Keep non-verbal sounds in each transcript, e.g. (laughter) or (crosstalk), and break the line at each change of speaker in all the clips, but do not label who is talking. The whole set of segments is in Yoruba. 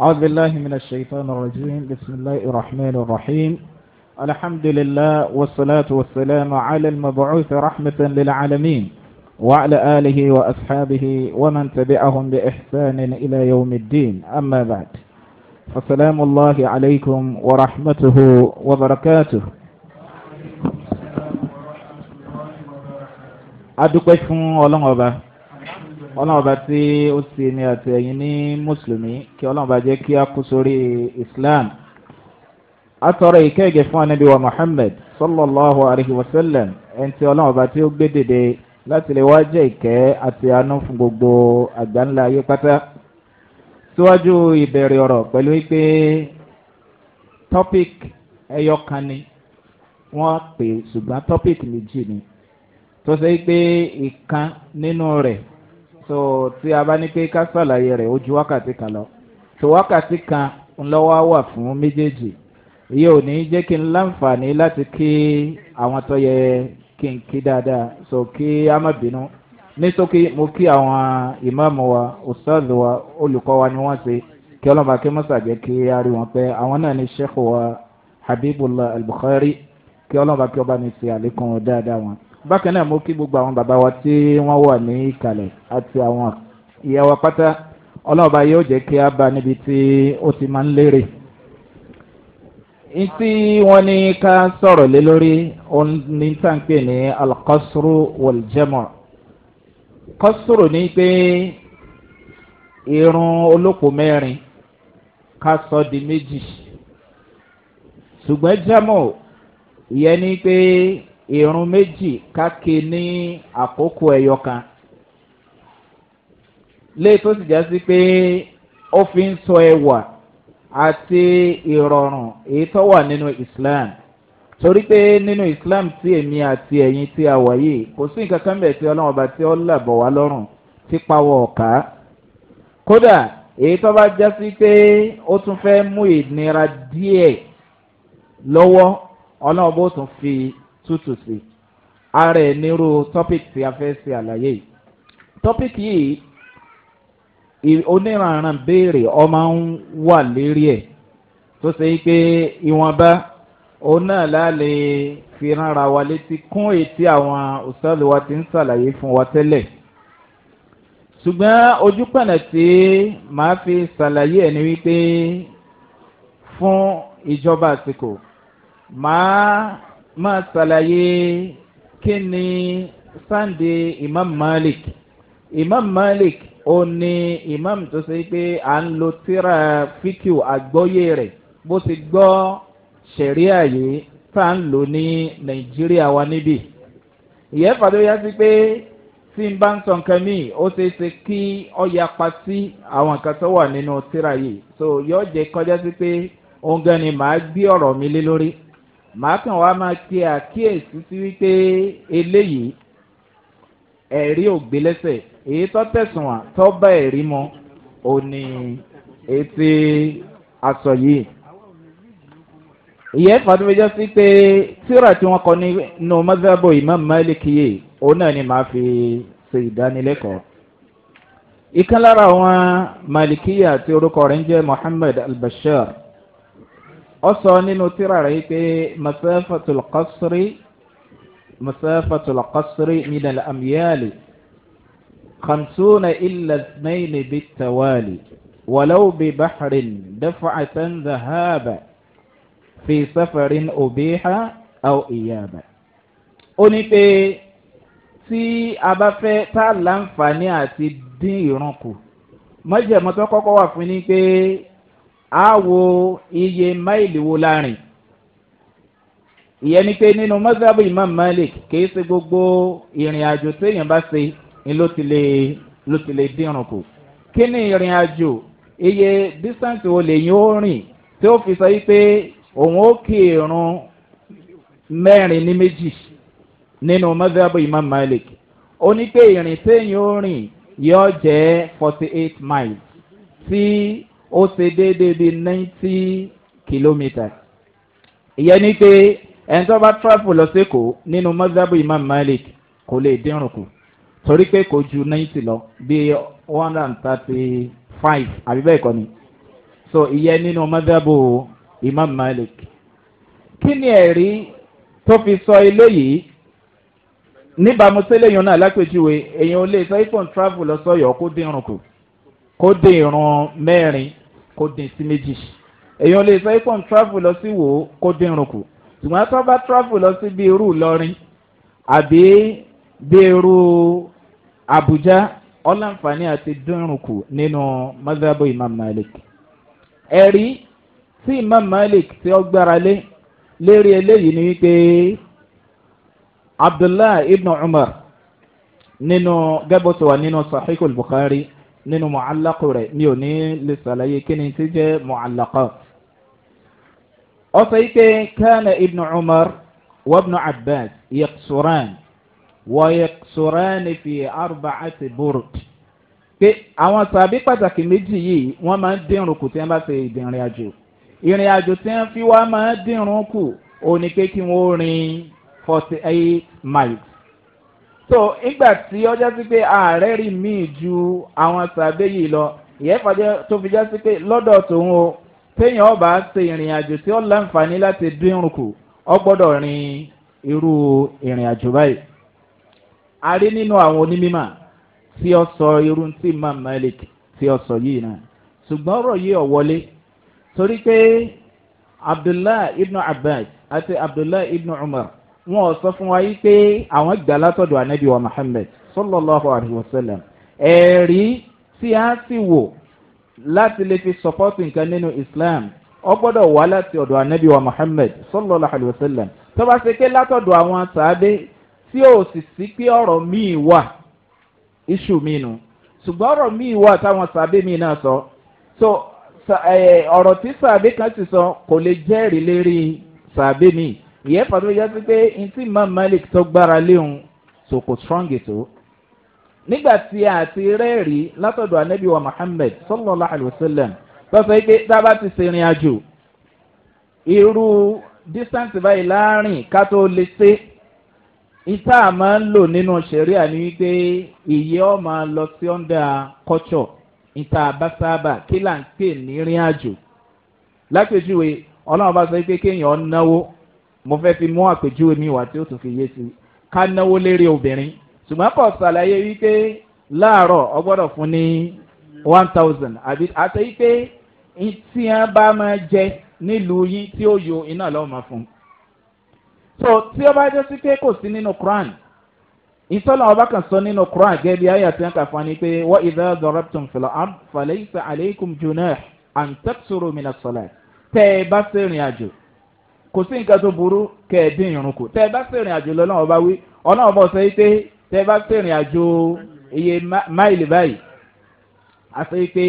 أعوذ بالله من الشيطان الرجيم بسم الله الرحمن الرحيم الحمد لله والصلاة والسلام على المبعوث رحمة للعالمين وعلى آله وأصحابه ومن تبعهم بإحسان إلى يوم الدين أما بعد فسلام الله عليكم ورحمته وبركاته أدوكم ولنغبه ọlọ́run bá tí ó sì ní àtẹ̀yìn ní mùsùlùmí kí ọlọ́run bá jẹ́ kí a kú sórí islam atọrọ ìkẹ́gẹ́ fún anabi wa muhammed sallallahu alayhi wa sallam ẹni tí ọlọ́run bá tí ó gbé dìde láti lè wá jẹ́ ìkẹ́ àti àánú fún gbogbo àgbáńlá ayé pátá síwájú ìbẹ̀rẹ̀ ọ̀rọ̀ pẹ̀lú pé topic ẹyọ ni wọ́n pè ṣùgbọ́n topic méjì ni tó ṣe pé ìkan nínú rẹ̀ so tí a bá ní pé ká sàlàyé rẹ̀ ó wákàtí kan lọ so wákàtí kan ńlọ́wọ́ wà fún méjèèjì iye ò ní jẹ́ kí n láǹfààní láti kí àwọn tó yẹ kí n kí dáadáa so kí a má bínú ní sókè mo kí àwọn ìmáàmù wa ustaz wa olùkọ́ wa ni wọ́n ṣe kí ọlọ́mọba kí jẹ́ kí a rí wọn pé àwọn náà ni sheikh wa habibullah al-bukhari kí ọlọ́mọba kí ọba mi ṣe àlékún dáadáa wọn bákan náà mo kí gbogbo àwọn bàbá wa tí wọ́n wà ní ìkàlẹ̀ àti àwọn ìyá wa pátá ọlọ́ọ̀bá yóò jẹ́ kí a bá níbi tí ó ti máa ń lérè. ìtí wọn ní ká sọ̀rọ̀ lé lórí òun ní tàǹpé ní alkọ́sùrù wọ̀lìjẹ́mọ̀ kọ́sùrù ní pé irun olóko mẹ́rin ká sọ di méjì ṣùgbọ́n jẹ́mọ̀ ìyẹn ní pé irun méjì káke ní àkókò ẹyọ kan lé tó sì jásí pé ó fi ń sọ ẹwà àti ìrọ̀rùn èyí tó wà nínú islam torí pé nínú islam tí èmi àti ẹ̀yin tí a wà yìí kò sí nǹkan kan bẹ̀ tí ọlọ́run ọba tí ó làbọ̀ wá lọ́rùn tí pawọ́ ọ̀ka kódà èyí tó bá jásí pé ó tún fẹ́ mú ìnira díẹ̀ lọ́wọ́ ọlọ́run bó tún fi two to six ara ẹ̀ nírú topic tí a fẹ́ ṣe àlàyé yìí topic yìí oníranran béèrè ọmọ ń wà lérí ẹ̀ tó ṣe pé ìwọ̀nba òun náà láàlè fi ránra wa létí kún ètí àwọn òṣèlú wa ti ń ṣàlàyé fún wa tẹ́lẹ̀ ṣùgbọ́n ojú pẹ̀lẹ̀ tí màá fi ṣàlàyé ẹ̀ ni wípé fún ìjọba àsìkò màá máa ṣàlàyé kí ni sànńdé imam malik imam malik ó ní imam tó ṣe pé à ń lo tíra fíkìú àgbọ́yé rẹ̀ bó ti gbọ́ sẹ̀ríà yìí tá à ń lò ní nàìjíríà wa níbí ìyẹn fàdó sí pé tí n bá ń sọ nǹkan míì ó ṣe é ṣe kí ọ yapa sí àwọn nǹkan tó wà nínú tíra yìí so yóò jẹ kọjá sí pé òun gan ni màá gbé ọ̀rọ̀ mi lé lórí màá kàn wá máa pe àkíyèsí sí wípé eléyìí ẹ̀rí ògbélẹ́sẹ̀ èyí tó tẹ̀sùn wà tó bá ẹ̀rí mu ò ní etí aṣọ yìí ìyẹn fàdúrà méjọ sí pé tíra tí wọn kọ nínú mọ́sábò imam malik yìí òun náà ni màá fi ṣe ìdánilẹ́kọ̀ọ́ ìkan lára àwọn malikiya tí orúkọ rẹ̀ ń jẹ́ muhammed albashir ọsọ nínú tíra rẹ̀ yìí pé masafatul qasri masafatul qasri minal amyali khamsuna illa ismaili bitawali walaw bi baxrin dafcatan dahaba fi safarin obiha aw iyaba. ó ní pé tí a bá fẹ́ tá a láǹfààní àti dín ìrun kù kọ́kọ́ wà fún ni pé á wo iye máìlì wo lárin ìyẹn ni pé nínú mọ́sáàbù imam malik kìí ṣe gbogbo ìrìn àjò téèyàn bá ṣe ni ló ti lè ló ti lè dírun kù kí ni ìrìn àjò iye distance wo lèyìn ó rìn tí ó fi sọ yìí pé òun ó kí irun mẹ́rin ní méjì nínú mọ́sáàbù imam malik ó ní pé ìrìn téèyàn ó rìn yóò jẹ́ forty eight miles tí. Si, ó ṣe déédéé bíi ninety kilometres ìyẹn ni pé ẹni tó bá travel lọ sẹ́kọ̀ọ́ nínú mọ́sábù imam malik kò lè dínrùn kù torí pé kò ju ninety lọ bíi one hundred and thirty five àbí bẹ́ẹ̀ kọ́ ni so ìyẹn nínú mọ́sábù imam malik kí ni ẹ̀rí tó fi sọ ilé yìí níbàámu sí eléyìí náà lápèjúwe èèyàn ò lè sọ ifon travel lọ sọ yọ kó dín irun kù kó dín irun mẹ́rin kó dín sí méjì èèyàn lè sọ ipò ń travel lọ sí wò kó dín irun kù ṣùgbọ́n tó bá travel lọ sí bí irú ìlọrin àbí bí irú àbújá ọlànfààní àti dín kù nínú mazhab imam malik ẹ̀rí tí imam malik tí ó gbára lé lérí eléyìí ni wípé abdullahi ibn umar nínú gẹ́gbọ́sọ̀ wà nínú sahih al-bukhari nínú mọ̀álákù rẹ̀ mi ò ní lè ṣàlàyé kí ni ti jẹ́ mọ̀álákù. ọ̀sẹ̀ ike kánà ibnu umar wabnu abbas yẹksuran wọ́yẹksuran fi arbacati burd. pé àwọn sàbí pàtàkì méjì yìí wọ́n máa ń dínrùn kù tí wọ́n bá ṣe ìdìnrìn àjò ìrìn àjò tí wọ́n fi wá máa ń dínrùn kù òní pé kí wọ́n rin forty eight miles so ìgbà tí ọjọ́ sí pé ààrẹ rí míì ju àwọn sàbẹ̀ yìí lọ ìyẹn fàjẹ́ tó fi jẹ́ sí pé lọ́dọ̀ tòun o téèyàn ọba ṣe ìrìn àjò tí ó láǹfààní láti dín kù ọ gbọ́dọ̀ rin irú ìrìn àjò báyìí. a rí nínú àwọn onímọ̀ tí ó sọ irú tí imam malik tí ó sọ yìí náà ṣùgbọ́n ọ̀rọ̀ yìí ọ̀ wọlé torí pé abdullahi ibn abbas àti abdullahi ibn umar wọn sọ fún wa yìí pé àwọn gbà látọ̀dọ̀ anabi wa muhammed sallallahu alayhi wa sallam ẹ̀rí tí a sì wò láti lè fi sọpọ́tì nǹkan nínú islam ọ gbọ́dọ̀ wá láti ọ̀dọ̀ anabi wa muhammed sallallahu alayhi wa sallam tó bá ṣe pé látọ̀dọ̀ àwọn sàádé tí ò sì sí pé ọ̀rọ̀ míì wà iṣu mi nu ṣùgbọ́n ọ̀rọ̀ míì wà táwọn sàádé mi náà sọ so ọ̀rọ̀ tí sàádé kan sì sọ kò lè jẹ́rìí lérí sàádé míì ìyẹn fàdó yá sí pé ntí Imam Malik tó gbára léhùn so kò strong ètò nígbà tí a ti rẹ́ẹ̀rí látọ̀dọ̀ anabi wa Muhammad sallallahu alayhi wa sallam tọ́sọ̀ pé tá a bá ti àjò irú distance báyìí láàrin ká tó lè ṣe ìta máa ń lò nínú ṣẹ̀ríà ni wípé ìyẹ́ ọ máa lọ sí ọ̀ndà kọ́tsọ̀ ìta àbáṣábà kí là ń pè ní rìn àjò lápèjúwe ọlọ́run bá sọ pé kéèyàn náwó mo fẹ́ fi mú àpèjúwe mi wá tí ó tún fi yé sí i ká náwó lérí obìnrin ṣùgbọ́n kò ṣàlàyé wípé láàárọ̀ ọ gbọ́dọ̀ fún ní one thousand àbí àti wípé tí wọ́n bá máa jẹ nílùú yín tí ó yọ iná lọ́wọ́ máa fún un. so tí ó bá jẹ́ sí pé kò sí nínú quran ìtọ́lọ̀ ọba kan sọ nínú quran gẹ́gẹ́ bí ayé àti ẹ̀ka fún ni pé wọ́n ìdá dọ̀rọ̀tún fìlọ̀ am falẹ̀ àlẹ́kùn jùnà àǹtẹ̀kùsọ̀rọ̀ mi sọ̀lá tẹ́ ẹ bá sẹ́rìn àjò kò sí nǹkan tó burú kẹ́ ẹ dín irun kù tẹ́ ẹ bá sèrìn àjò lọ náà ọba wí ọlọ́run bọ̀ sọ pé tẹ́ ẹ bá sèrìn àjò iye máìlì báyìí àti pé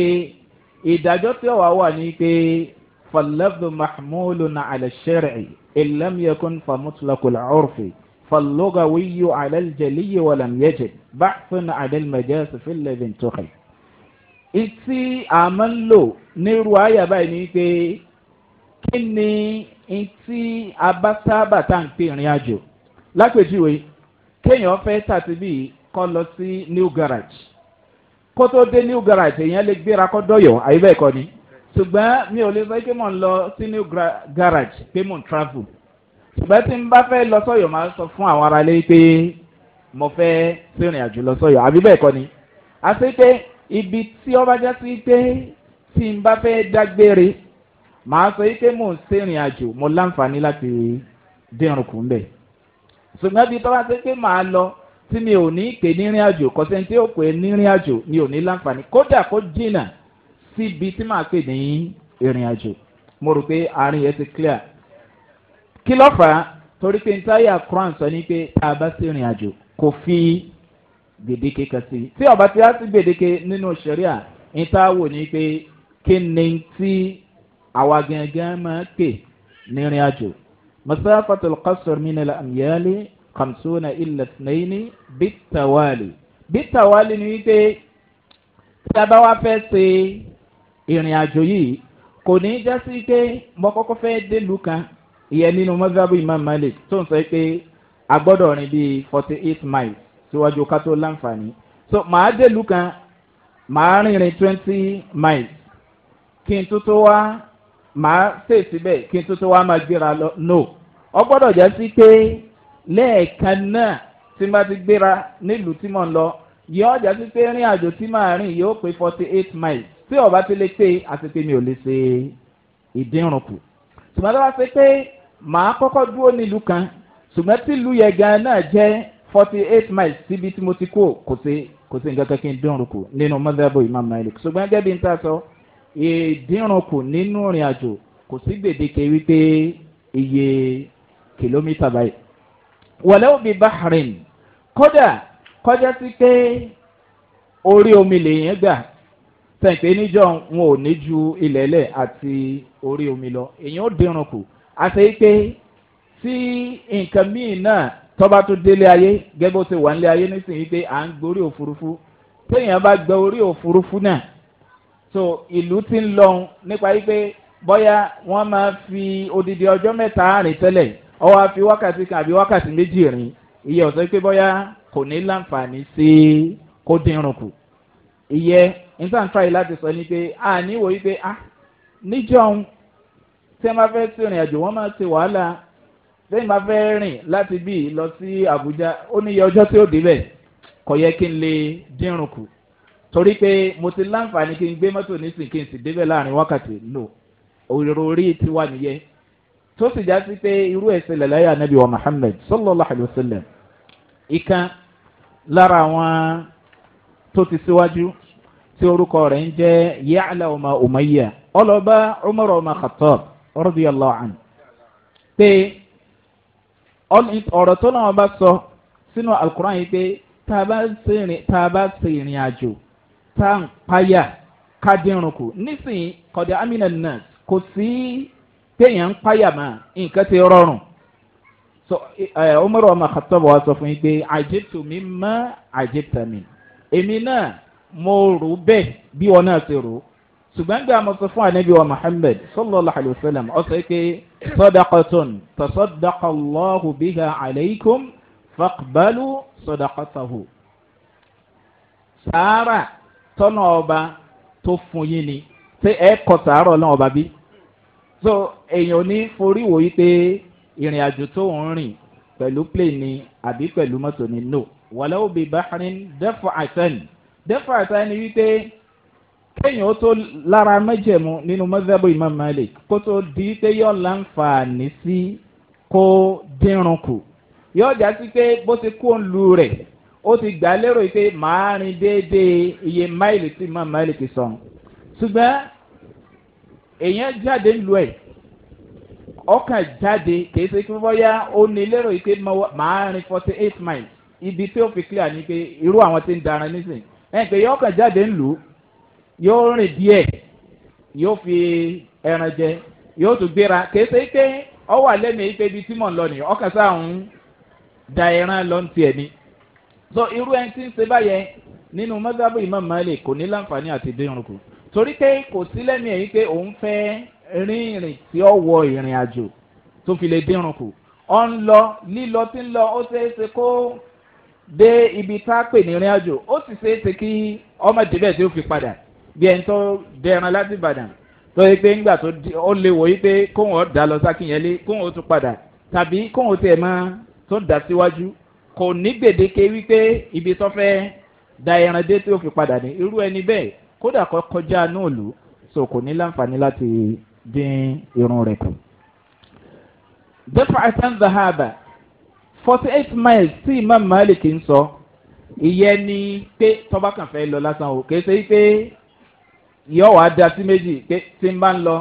ìdájọ́ tí ó wà wà ní pé fàlẹ́bù mahmudu na alẹ́sẹ̀rẹ̀ ìlẹ́mìẹ́kùn fàmùtìlákùlà ọ̀rùfẹ́ fàlọ́gàwíyù alẹ́jẹ̀líyì wàlàmìẹ́jẹ̀ báfin alẹ́mẹ̀jẹ̀sì fìlẹ̀bìn tókè ntí abasábà tá à ń pè ìrìn àjò lápèjúwe kéèyàn fẹ́ tàtìbí kọ́ lọ sí new garage kó tó dé new garage èèyàn lè gbéra kọ́ dọ́yọ̀ àyè bẹ́ẹ̀ kọ́ ni ṣùgbọ́n mi ò lè sọ pé mò ń lọ sí new garage pé mò ń travel ṣùgbọ́n tí n bá fẹ́ lọ sọ́yọ̀ máa sọ fún àwọn ará lé pé mo fẹ́ sírìn àjò lọ sọ́yọ̀ àbí bẹ́ẹ̀ ni àti pé ibi tí ọba já sí pé tí n bá fẹ́ dágbére màá sọ yìí pé mò ń ṣe àjò mo láǹfààní láti dẹrùn kù mbẹ ṣùgbọ́n bí tọ́wá ṣe pé màá lọ tí mi ò ní pè ní ìrìn àjò kọ́sẹ́ tí ó pè ní ìrìn àjò mi ò ní láǹfààní kódà kó jìnnà síbi tí màá pè ní ìrìn àjò mo rò pé àárín yẹn ti clear kí ló fà á torí pé ntáyà crown sọ ní pé tá a bá sí ìrìn àjò kò fi gbèdéke kan sí tí ọba tí a sí gbèdéke nínú sẹríà ntáwò ní pé kí ni tí àwa gẹ́gẹ́ máa pè nírìn àjò masáfàtà lukasar minal amyali kamsuna ilẹ̀ tìǹyẹ́ni bitawali bitawali ni wípé tí a bá wá fẹ́ ṣe ìrìn àjò yìí kò ní í já sí pé mo kọ́kọ́ fẹ́ délùú kan ìyẹn nínú mọ́sábù imam malik tó ń sọ pé a gbọ́dọ̀ rìn bíi forty miles síwájú ká tó láǹfààní so màá délùú kan màá rìnrìn twenty miles kí n tó tó màá ṣe síbẹ̀ kí n tuntun wá máa gbéra lọ no ọ gbọ́dọ̀ jẹ́ sí pé lẹ́ẹ̀kan náà tí n bá ti gbéra nílùú tí mò ń lọ yóò jẹ́ sí pé rìn àjò tí màá rìn yóò pé forty eight miles tí ọba ti lè pé àti pé mi ò lè ṣe ìdínrùnkù ṣùgbọ́n tó bá ṣe pé màá kọ́kọ́ dúró nílùú kan ṣùgbọ́n tí ìlú yẹn gan náà jẹ́ forty eight miles síbi tí mo ti kó kò sí kò sí nǹkan kan kí n dínrùnkù nínú mọ́tàbọ̀ ìmáàmù malik ìdírànkù nínú ìrìn àjò kò sí gbèdéke wípé iye kìlómítà báyìí. wọ̀lẹ́ òbí bahrain kódà kọjá sí pé orí omi lèèyàn gbà sẹ̀ǹpẹ́ níjọ́ wọn ò ní ju ilẹ̀lẹ̀ àti orí omi lọ èèyàn ó dírànkù àti pé tí nǹkan míì náà tọ́ba tó délé ayé gẹ́gẹ́ bó ti wà nílé ayé nísìnyí pé à ń gborí òfurufú téèyàn bá gbẹ orí òfurufú náà so ìlú ti ń lọ nípa wípé bọ́yá wọ́n máa fi odidi ọjọ́ mẹ́ta rìn tẹ́lẹ̀ ọwọ́ á fi wákàtí kan àbí wákàtí méjì rìn ìyẹ́ ọ̀sẹ̀ pé bọ́yá kò ní láǹfààní sí kó dínrùn kù ìyẹ́ nítorí àyè láti sọ ni pé a níwò wípé a ah, níjọ́un tí wọ́n bá fẹ́ sìnrìn àjò wọ́n máa ti wàhálà lẹ́yìn bá fẹ́ rìn láti bí lọ sí àbújá ó ní ọjọ́ tí ó débẹ̀ kò yẹ kí n lè dínrùn kù torí pé mo ti láǹfààní kí n gbé mọ́tò nísìn kí n sì débẹ̀ láàrin wákàtí lò òrò orí ti wà nìyẹn tó sì já sí pé irú ẹ̀sẹ̀ lẹ́láyà anabi wa muhammed sallallahu alayhi wa sallam ìkan lára àwọn tó ti síwájú tí orúkọ rẹ̀ ń jẹ́ yaala ọmọ umayya ọlọ́ba umar ọmọ khatab rọ́bì ọlọ́ọ̀án pé ọ̀rọ̀ tó náà bá sọ sínú alukur'an yìí pé tá a bá ṣe àjò tá à ń payà ká dínrùn kù nísìnyí kọ̀dà amínà náà kò sí téèyàn ń payà mà nǹkan ti rọrùn so ẹ ọmọdé ọmọ àkàtọ́bọ̀ wa sọ fún yín pé àjẹtù mi mọ́ àjẹtà mi èmi náà mo rò bẹ́ẹ̀ bí wọn náà ti rò ṣùgbọ́n gbé àmọ́ sọ fún anabi wa muhammed sallallahu alayhi wa sallam ọ sọ pé sọdọkọtun tasọdọkọlọhu biha aleikum fakbalu sọdọkọtahu. sáárà tọ́nà ọba tó fún yín ni ṣé ẹ kọ sàárọ̀ náà ọba bí. so èèyàn ò ní forí wòye pé ìrìn àjò tó ń rìn pẹ̀lú plane ni àbí pẹ̀lú mọ́tò ni no wàlẹ́ òbí báhrin dẹ́fọ̀ àtẹ́ni dẹ́fọ̀ àtẹ́ni wípé kéèyàn ó tó lára mẹ́jẹ̀mú nínú mọ́sẹ́bù imam malik kó tó di pé yóò láǹfààní sí kó dínrùn kù yóò já pé bó ti kó ń lu rẹ̀ ó ti gbà lérò pé màá rin déédéé iye máìlì tí màá máìlì ti sàn ṣùgbọ́n èèyàn jáde lu ẹ̀ ọkàn jáde kì í ṣe kí wọ́n yá ó ní lérò pé màá rin forty eight miles ibi tí ó fi clear ni pé irú àwọn ti ń daran nísìnyí ẹ̀ pé yóò kàn jáde ń lù ú yóò rìn díẹ̀ yóò fi ẹran jẹ yóò tún gbéra kì í ṣe pé ọ wà lẹ́nu ipe tí mò ń lọ nìyí ọkàn sáà ń da ẹran lọ́ntì ẹ̀ ni so irú ẹni tí ń ṣe báyẹn nínú mọ́sábù imam malik kò ní láǹfààní àti dínrùn kù torí pé kò sí lẹ́mí ẹ̀yìn pé òun fẹ́ rin ìrìn tí ó wọ ìrìn àjò tó fi lè dínrùn kù ọ ń lọ lílọ tí ń lọ ó ṣeé ṣe kó dé ibi tá a pè ní ìrìn àjò ó sì ṣeé ṣe kí ọmọ ìdíbẹ̀ tí ó fi padà bí ẹni tó dẹran láti ìbàdàn tó yẹ pé ńgbà tó ó lè wòye pé kóhùn ọ̀ dà lọ sákìyẹlé kóhùn ó tún padà tàbí kóhùn tiẹ̀ máa tó dà síwájú kò ní gbèdéke wípé ibi tó fẹ́ da ẹran dé tí ó fi padà ní irú ẹni bẹ́ẹ̀ kódà kọ́ kọjá náà lù so kò ní láǹfààní láti dín irun rẹ̀ kù. dẹ́pọ̀ àtàn zahaba forty eight miles tí imam malik ń sọ ìyẹn ni pé tọ́ba kan fẹ́ lọ lásán o kì í ṣe pé yọ wàá da sí méjì pé tí n bá ń lọ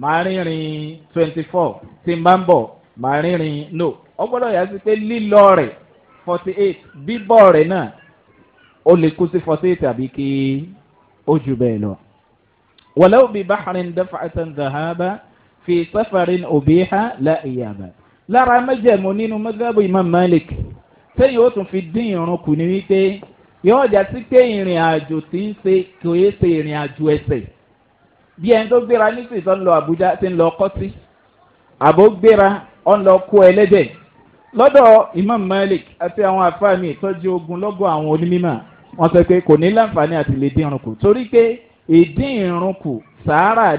màá rìnrìn twenty four tí n bá ń bọ̀ màá rìnrìn no ọgbọ́dọ̀ yà sí pé lílọ rẹ̀ 48. eight bíbọ̀ rẹ̀ náà ó lè kú sí forty eight àbí kí ó ju bẹ́ẹ̀ lọ. wàlẹ́ òbí báxarin dafa àtàn zahaba fi safarin òbí ha la ìyàbá. lára mẹ́jẹ̀mú nínú mẹ́gàbù imam malik sẹ́yìn ó tún fi dín irun kù ní wípé yóò jà sí pé ìrìn àjò tí ń ṣe kò yé ṣe ìrìn àjò ẹsẹ̀ bí ẹni tó gbéra nísìsiyìí tó ń lọ àbújá ti ń lọ kọ́sí àbó gbéra ọ̀ lọ kó ẹlẹ́dẹ̀ẹ́ lọ́dọ̀ imam malik àti àwọn afáàmì ìtọ́jú ogun lọ́gọ̀ àwọn onímọ̀ wọn sọ pé kò ní láǹfààní àti lè dín irun torí pé ìdín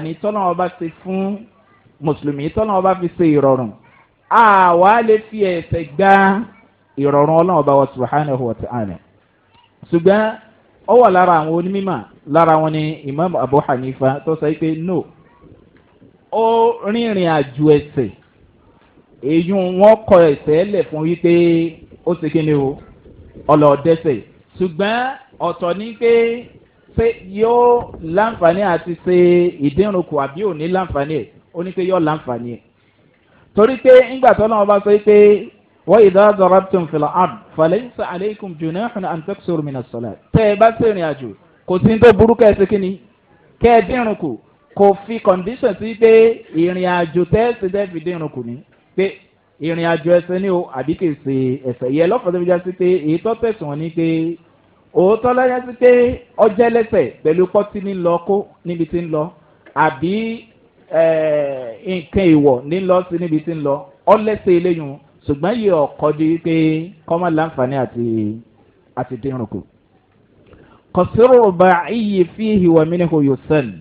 ni tọ́lọ́wọ́ fún mùsùlùmí tọ́lọ́wọ́ bá fi ṣe ìrọ̀rùn àwa lè fi ẹ̀sẹ̀ gba ìrọ̀rùn ọlọ́wọ́ bá ṣùgbọ́n ó wà lára àwọn onímọ̀ lára wọn ni imam abu hanifa tó no ó rìnrìn àjò ẹ̀sẹ̀ èyí wọn kọ ẹsẹ lẹ fún wípé ó ṣe kí ni o ọlọdẹsẹ ṣùgbọn ọtọ ni pé ṣé yóò láǹfààní àti ṣe ìdínrùnkù àbí ò ní láǹfààní ẹ ó ní pé yóò láǹfààní ẹ torí pé ńgbà tó náà bá sọ pé wọ́n ìdá dọ̀rọ̀tún fìlà àm fàlẹ́yìnsà àlẹ́kùn jùnà ẹ̀hún àǹtẹ́kùsọ̀rọ̀ mìíràn sọ̀lá tẹ́ ẹ bá ṣèrìn àjò kò sí ní tó burú kẹ́ ẹ ṣe kí kẹ́ ẹ dínrùnkù kò fi kọ̀ǹdíṣàn sí pé ìrìn àjò tẹ́ ẹ ṣe tẹ́ fi dínrùnkù ni pé ìrìn àjò ẹsẹ̀ ni o àbí kì í ṣe ẹsẹ̀ yẹ lọ́kàn fi já pé èyí tó wọn ni pé òótọ́ lọ́yà sí pé ọjẹ́ lẹ́sẹ̀ pẹ̀lú pọ́tí ní lọ kó níbi tí ń lọ àbí nǹkan ìwọ̀ ní lọ sí níbi tí ń lọ ọlẹ́sẹ̀ eléyìí ṣùgbọ́n yìí ọkọ̀ di pé kọ́mọ láǹfààní àti àti dínrùn kù. kọ̀sírò bá iyì fi ìwà mí ni sẹ́ni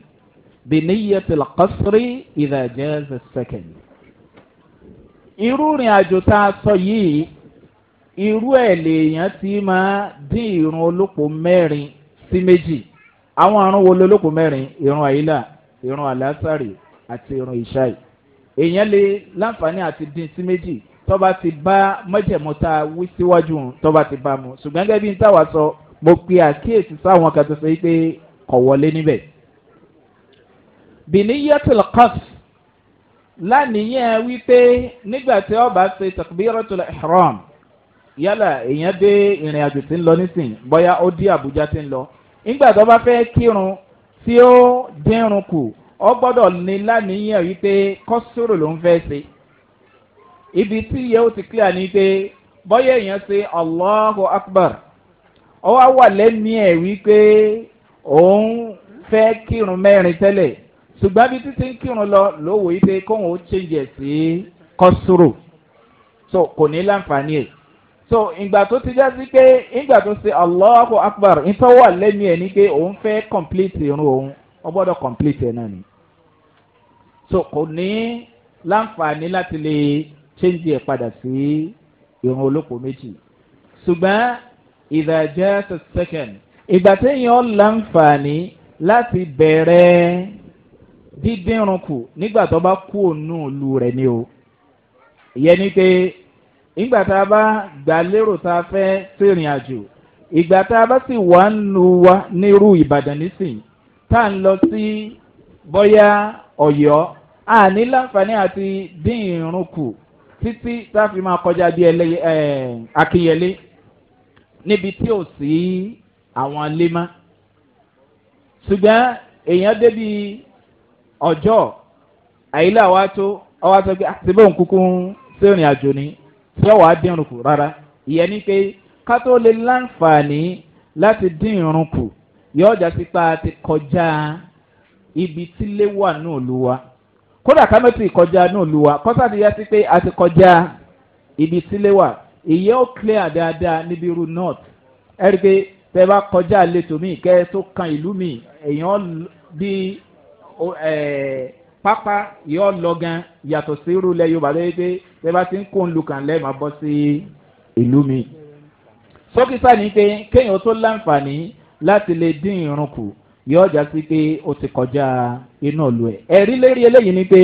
bìnníyẹ tìlọ̀kọ́sírí ìdàjẹ́ sẹ́kẹ̀ndì irú ìrìn àjò tá a sọ yìí irú ẹ̀ lèèyàn ti máa dín ìrun olóko mẹ́rin sí méjì àwọn àrùn wo lolóko mẹ́rin ìrun àyílà ìrun àlásàrì àti ìrun ìṣáì èèyàn lè láǹfààní àti dín sí méjì tọ́ba ti bá mọ́jẹ̀mú wí síwájú tọ́ba ti bá mu ṣùgbọ́n gẹ́gẹ́ bí n táwa sọ mo pe àkíyèsí sáwọn kan tó sọ yìí pé kọ̀ wọlé níbẹ̀. bìnní yẹtùl kọ́sì lánìyàn wípé nígbà tí ọba ṣe takbiratul ihram yálà èèyàn dé ìrìn àjò tí ń lọ nísìn bóyá ó dé àbújá tí ń lọ nígbà tó bá fẹ́ kírun tí ó dínrun kù ọ gbọ́dọ̀ ní lánìyàn wípé kọ́sùrù ló ibi tí ìyẹ́ ó ti clear ni pé bóyá èèyàn ṣe allahu akbar ọ wá wà lẹ́mìí ẹ̀ wípé òun fẹ́ kírun mẹ́rin tẹ́lẹ̀ ṣùgbọ́n bí títí ń kírun lọ lówó yìí pé kóun ó change ẹ̀ sí kọ́sùrù so kò ní láǹfààní ẹ̀ so ìgbà tó ti já sí pé ìgbà tó ṣe allahu akbar ìtọ́wọ́ lẹ́nu ẹ̀ ní pé òun fẹ́ complete irun òun ọ gbọ́dọ̀ complete ẹ̀ náà ni so kò ní láǹfààní láti lè change ẹ̀ padà sí irun olóko méjì ṣùgbọ́n ìdàjẹ́ second ìgbà téèyàn láǹfààní láti bẹ̀rẹ̀ dídínrún kù nígbà tó bá kú ònú ìlú rẹ̀ ni o ìyẹn ni pé ìgbà tá a bá gbà lérò tá a fẹ́ sìnrìn àjò ìgbà tá a bá sì wà ń lu wa nírú ìbàdàn nísìnyí tá à ń lọ sí bóyá ọ̀yọ́ a ní láǹfààní àti dín kù títí tá a fi máa kọjá bí akínyẹlé níbi tí ò sí àwọn lé mọ́ ṣùgbọ́n èèyàn débi ọjọ́ àyílẹ̀ àwa tó ọwọ́ sọ pé àti ah, bóun kúkú ń sẹ́rìn àjò ni tí ọwọ́ á dín irun kù rárá ìyẹn ni pé ká tó lè láǹfààní láti dín irun kù yóò já sí pa ti kọjá ibi tí lé náà ló wa kódà ká mẹ́tì kọjá náà ló wa kọ́sà ti yá sí pé a ti kọjá ibi tí lé wà ó clear dáadáa níbi irú north ẹ̀rí pé tẹ́ bá kọjá àlejò míì kẹ́ tó kan ìlú míì èèyàn bí pápá yọ lọ gan yàtọ̀ sí irú ilẹ̀ yorùbá lóye pé tẹ bá ti ń kó ń lu kàn lẹ́ẹ̀ máa bọ́ sí ìlú mi. sókísà ni pé kéèyàn tó láǹfààní láti lè dín irun kù yóò já sí pé o ti kọjá inú ìlú ẹ̀. ẹ̀rí lérí eléyìí ni pé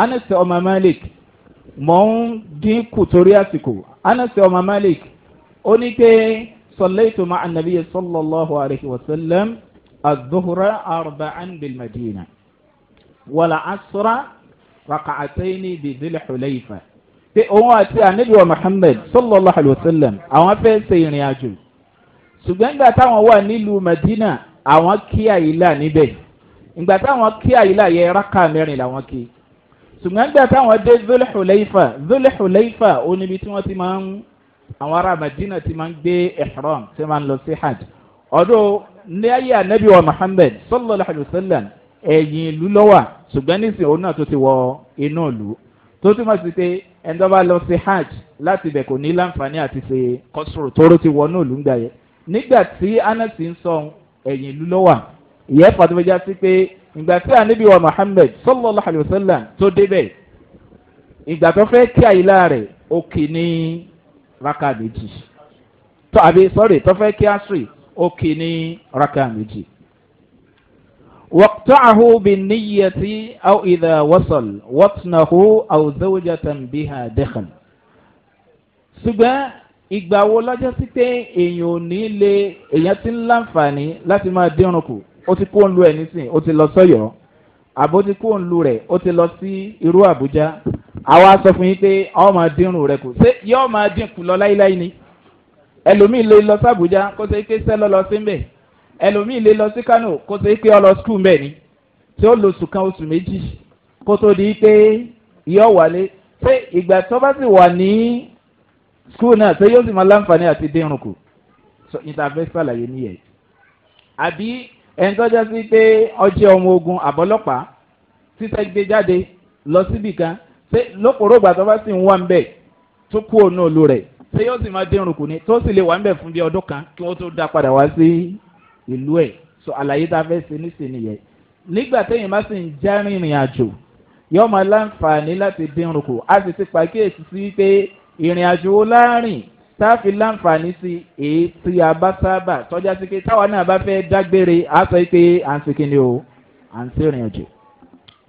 anase ọmọ malik mọ̀ ń dín kù torí àsìkò anase ọmọ malik ó ní pé sọlẹ́tùmọ̀ ànàbíyẹ sọlọ́lọ́hu àrèhìwọ̀sẹ́lẹ́m الظهر أربعا بالمدينة والعصر ركعتين بذي الحليفة òun àti anabiwa muhammed sallallahu alayhi wa sallam àwọn fẹ́ ṣe ìrìn àjò ṣùgbọ́n nígbà táwọn wà nílùú madina àwọn kí àyílà níbẹ̀ ìgbà táwọn kí àyílà yẹ raka mẹ́rin làwọn kí ṣùgbọ́n nígbà táwọn dé zulhuleifa zulhuleifa oníbi tí wọ́n ti máa ń àwọn ará madina ti máa ń gbé ihram tí wọ́n máa ń lọ sí hajj ọdún ní ayé anabi wa muhammed sallallahu alayhi wa sallam ẹ̀yìn ìlú lọ́wà ṣùgbọ́n nísìnyí òun náà tó ti wọ inú ìlú tó túmọ̀ sí pé ẹni tó bá lọ sí hajj láti ibẹ̀ kò ní láǹfààní àti ṣe kọ́sùrù tóró ti wọnú ìlú gbà yẹ nígbà tí anasi ń sọ ẹ̀yìn ìlú lọ́wà ìyẹn fàtúbẹ́já sí pé ìgbà tí anabi wa muhammed sallallahu alayhi wa sallam tó débẹ̀ ìgbà tó fẹ́ kí àyílá rẹ̀ ó kì ní rákà méjì tó àbí sọ́rí tó fẹ́ kí asri ó kì í ní raka méjì. واقطعه بالنية أو إذا وصل وطنه أو زوجة بها دخن ṣùgbọ́n ìgbà wo lọ́jọ́ sí pé èèyàn ò ní lè èèyàn ti ń láǹfààní láti máa dírun kù ó ti kó ń lu ẹ̀ nísìn ó ti lọ sọ́yọ́ àbó ti kó ń lu rẹ̀ ó ti lọ sí irú àbújá àwa sọ fún yín pé ọ máa dírun rẹ̀ kù ṣé yóò máa dín kù lọ láíláí ni ẹlòmíì lè lọ sàbújá kó ṣe pé sẹ́lọ lọ sí mbẹ̀ ẹlòmíì lè lọ sí kánò kó ṣe pé ọlọ skul mbẹ̀ ni tí ó lo oṣù kan oṣù méjì kó tó di pé yọ wálé ṣé ìgbà tó bá sì wà ní skul náà ṣé yóò sì máa láǹfààní àti dírun kù níta fẹ́ nìyẹn àbí ẹni sí pé ọjọ́ ọmọ ogun àbọ́lọ́pàá títẹ́ gbé jáde lọ síbìkan ṣé lókòrógbà tó bá sì ń wà ń bẹ̀ tó kú òun náà lò rẹ̀ ṣé yóò sì máa dẹrùn kù ni tó sì lè wà níbẹ̀ fún bí ọdún kan kí wọ́n tó dá padà wá sí ìlú ẹ̀ so àlàyé tá a fẹ́ ṣe níṣẹ́ nìyẹn nígbà téèyàn bá sì ń já rìnrìn àjò yóò máa láǹfààní láti dẹrùn kù a sì ti pàkíyèsí sí pé ìrìn àjò wo láàrin tá a fi láǹfààní sí èyí tí a bá sábà tọ́já sí pé táwa náà bá fẹ́ dágbére a sọ pé à ń ṣe kíni o à ń ṣe àjò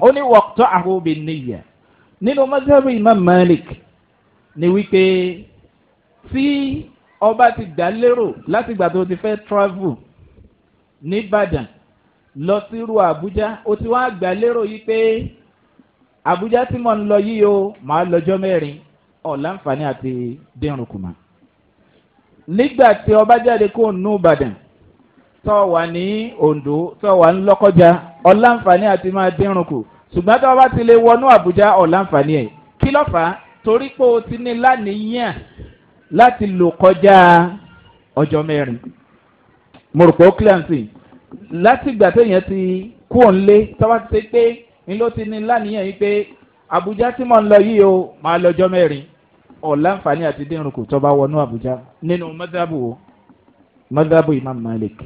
ó ní wọ́n tọ́ àhóbì níyà nínú mọ́sáàbù ni wípé tí ọba ti gbà lérò láti gbà tó ti fẹ́ travel nìbàdàn lọ sírú àbújá ó ti wá gbà lérò yìí pé àbújá tí mò ń lọ yìí o màá lọ́jọ́ mẹ́rin ọ̀làǹfààní àti dẹ́rùn kùmà. nígbà tí ọba jáde kó nù ìbàdàn tọ́ wà ní ondo tọ́ wà ń lọ́kọ́já ọ̀làǹfààní àti máa dẹ́rùn kù ṣùgbọ́n tí ọba ti lè wọnú àbújá ọ̀làǹfààní ẹ̀ kí ló torí pé o ti ní lánìyàn láti lò kọjá ọjọ́ mẹ́rin mo rò pé ó clear sí láti ìgbà téèyàn ti kú òǹlé tọ́wá ti ṣe pé ní ló ti ní láníyàn yìí pé àbújá tí mò ń lọ yìí o máa lọ́jọ́ mẹ́rin ọ̀làǹfààní àti dínrùkù tó wọnú àbújá nínú mọ́dábù o imam malik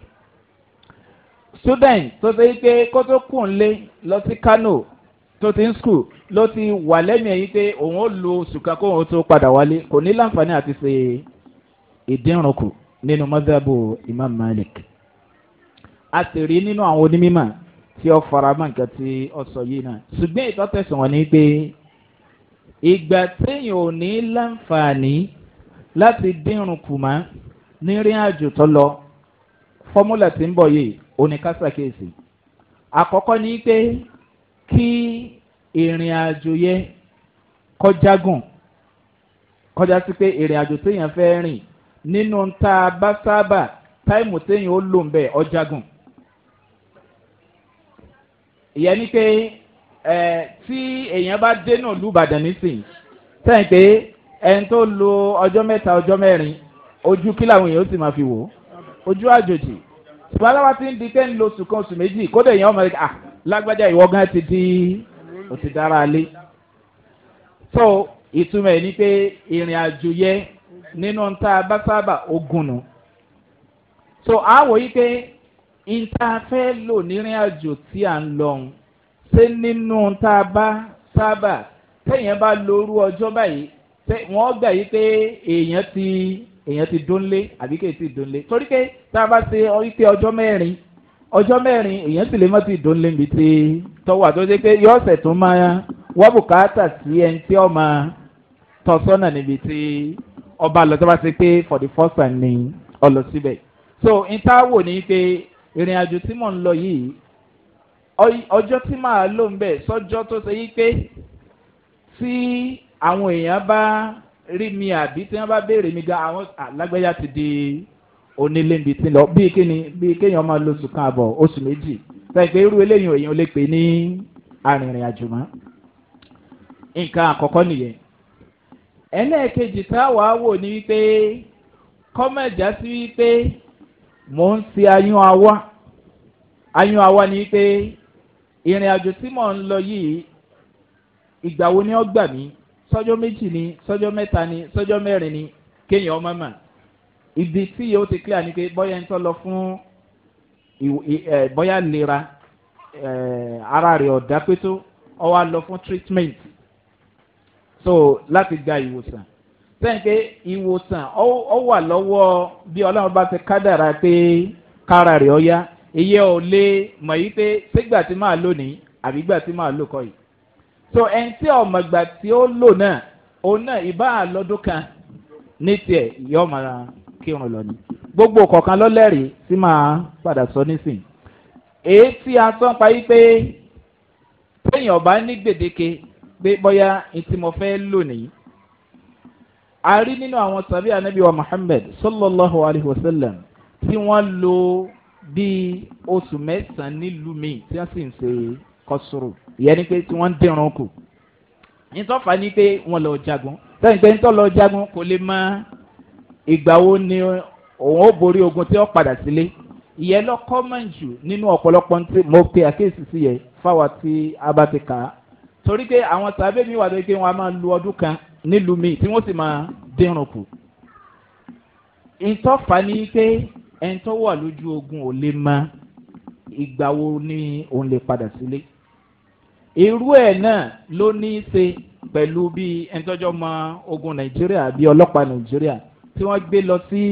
student tó ṣe pé kó kú òǹlé lọ sí kano tó ti ń skul ló ti wà lẹ́mìí ẹ̀yìn pé òun ó lo sùkà kó òun tó padà wálé kò ní láǹfààní àti ṣe ìdínrùnkù nínú mọ́sáàbù imam malik a sì rí nínú àwọn onímọ̀ tí ó fara mọ́ nǹkan tí ó sọ yìí náà ṣùgbọ́n ìtọ́tẹ̀sùn wọn ni pé ìgbà téèyàn ò ní láǹfààní láti dínrùnkù mọ́ nírìn àjò tó lọ fọ́múlà tí ń bọ̀ yìí oníkásàkéèsì àkọ́kọ́ ni pé kí ìrìn àjò yẹ kọjá gùn kọjá sí pé ìrìn àjò téèyàn fẹ́ rìn nínú tá a bá sábà táìmù téèyàn ó lò ń bẹ̀ ọjà gùn. ìyẹn ni pé ẹ tí èèyàn bá dé náà lùbàdàn nísìnyí sẹ́yìn pé ẹni tó lo ọjọ́ mẹ́ta ọjọ́ mẹ́rin ojú kí làwọn èèyàn ó sì máa fi wò ó ojú àjòjì ṣùgbọ́n aláwa ti ń di pé ń lo oṣù kan oṣù méjì kódà èèyàn ọmọ rẹ̀ ah lágbájá ìwọ gan ti di o dára lé so ìtumọ̀ ẹ̀ ni pé ìrìn àjò yẹ nínú ta bá sábà ogun nù so àwọ̀ yìí pé ìta fẹ́ lò nírìn àjò tí à ń lọ ṣé nínú ta bá sábà tẹ̀yìn bá lóru ọjọ́ báyìí wọ́n gbà yí pé èèyàn ti èèyàn ti dúnlé àbí kò tí ì dúnlé torí pé tá a bá ṣe ọ wípé ọjọ́ mẹ́rin ọjọ́ mẹ́rin èèyàn sì lè má ti dùn lébi tí tọ́wọ́ àtọ́jọ́ pé yọ ọ̀sẹ̀ tó máa wọ́n bùkátà sí ẹni tí ọmọ tọ́sọ́nà níbi tí ọba lọ tó bá ṣe pé for the first time ni ọ lọ síbẹ̀. so níta wò ní pé ìrìn àjò tí mò ń lọ yìí ọjọ́ tí màá lò ń bẹ̀ sọ́jọ́ tó ṣe yí pé tí àwọn èèyàn bá rí mi àbí tí wọ́n bá béèrè mi gan àwọn alágbèyà ti di onílé ń bi ti lọ bíi kíni bíi kéèyàn máa lo oṣù kan àbọ̀ oṣù méjì fẹ́ẹ̀fẹ́ irú eléyìí èèyàn lè pè ní arìnrìn àjò mọ́ nǹkan àkọ́kọ́ nìyẹn ẹlẹ́ẹ̀kejì tá a wàá wò ní wípé kọ́mẹ̀já sí wípé mò ń ti ayún awa ayún awa ni wípé ìrìn àjò tí mò ń lọ yìí ìgbà wo ni ọ gbà mí sọ́jọ́ méjì ni sọ́jọ́ mẹ́ta ni sọ́jọ́ mẹ́rin ni kéèyàn ọmọ mà ibi tí yóò ti clear ni pé bọ́yá ń tọ́ lọ fún bọ́yá lera ara rẹ̀ ọ̀dá pétó ọ wá lọ fún treatment so láti gba ìwòsàn sẹ́ǹkẹ́ ìwòsàn ọ wà lọ́wọ́ bí ọlọ́run bá ti kádàrá pé kára rẹ̀ ọ yá èyí ò lè mọ̀ yí pé sígbà tí màá lò ní àbígbà tí màá lò kọ́ yìí so ẹni tí ọmọgbà tí ó lò náà òun náà ìbá àlọ́dún kan ní tiẹ̀ yọ ọmọ kírun lọ ni gbogbo kọ̀ọ̀kan lọ́lẹ́rìí tí màá padà sọ nísìn èyí tí a sọ pa yí pé téèyàn ọba ní gbèdéke pé bóyá etí mo fẹ́ lò nìyí a rí nínú àwọn sàbí anabi wa muhammed sallallahu alayhi wa sallam tí wọ́n lo bíi oṣù mẹ́sàn-án nílùú mi tí wọ́n sì ń ṣe kọ́sùrù ìyẹn ni pé tí wọ́n ń dẹ̀rùn kù nítọ́fà ni pé wọ́n lọ jagun sẹ́yìn pé nítọ́ lọ jagun kò lè máa ìgbà wo ni òun ó borí ogun tí ó padà sílé ìyẹn lọ kọ́mọ̀jù nínú ọ̀pọ̀lọpọ̀ tí mo pe àkéèsì sí yẹ fáwa tí a bá ti kà á torí pé àwọn tàbí mi wà lóye pé wọn a máa lu ọdún kan nílùú mi tí wọ́n sì máa dínrùn kù ìtọ́fà ni pé ẹni tó wà lójú ogun ò lè mọ ìgbà wo ni òun lè padà sílé irú ẹ̀ náà ló ní í ṣe pẹ̀lú bí ẹni tọ́jọ́ mọ ogun nàìjíríà bí ọlọ́pàá nàìjíríà tí wọ́n gbé lọ sí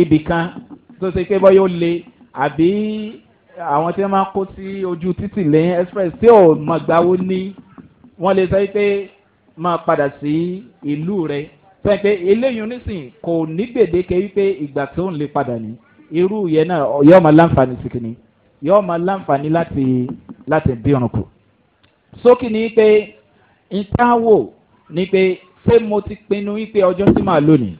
ibì kan tó ṣe pé bọ́yọ̀ le àbí àwọn tí wọ́n máa kó sí ojú títì lẹ́yìn express tí ò mọ̀ gbáwó ní wọ́n lè sọ pé máa padà sí ìlú rẹ fẹ́ pé eléyìí nísìn kò ní gbèdéke wípé ìgbà tó ń lè padà ní irú yẹn náà yóò máa láǹfààní sí kìíní yóò máa láǹfààní láti láti bí ọ̀run kù. sókè ni pé ìtawò ni pé pé mo ti pinnu wípé ọjọ́ tí màá lónìí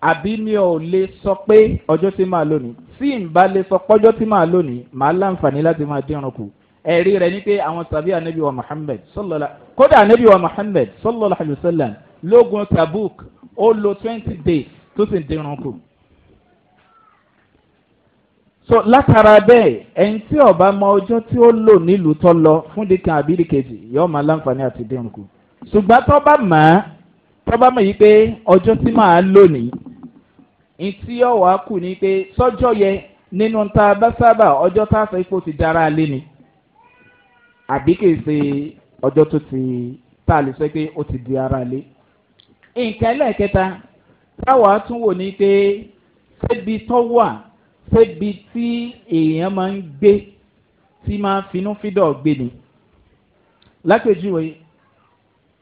àbí mi ò lè sọ pé ọjọ́ tí màá lónìí tí n bá lè sọ pọ́jọ́ tí màá lónìí màá láǹfààní láti máa dín kù ẹ̀rí rẹ̀ ni pé àwọn tàbí anabi wa muhammed sọlọ́lá kódà anabi wa muhammed sọlọ́lá alayhiṣẹ́lẹ̀m lógun tabuk ó lo twenty days tó sì dín ọ̀run kù. so látara bẹ́ẹ̀ ẹni tí ọba mọ ọjọ́ tí ó lò nílùú tó lọ fún dikan àbí dikejì yóò máa láǹfààní àti dín kù ṣùgbọ́n tó bá mọ̀ á tó bá mọ̀ yìí pé ọjọ́ tí màá lò ní ntí ọ̀wá kù ní pé sọ́jọ́ yẹ nínú ta bá sábà ọjọ́ tá a sọ ipò ti dára lé ni àbí kì í ṣe ọjọ́ tó ti tá a lè sọ pé ó ti di ara lé. nǹkan ẹlẹ́ẹ̀kẹta táwa tún wò ní pé ṣébi tó wà ṣébi tí èèyàn máa ń gbé tí máa finúfídọ̀ gbé ni lápèjúwe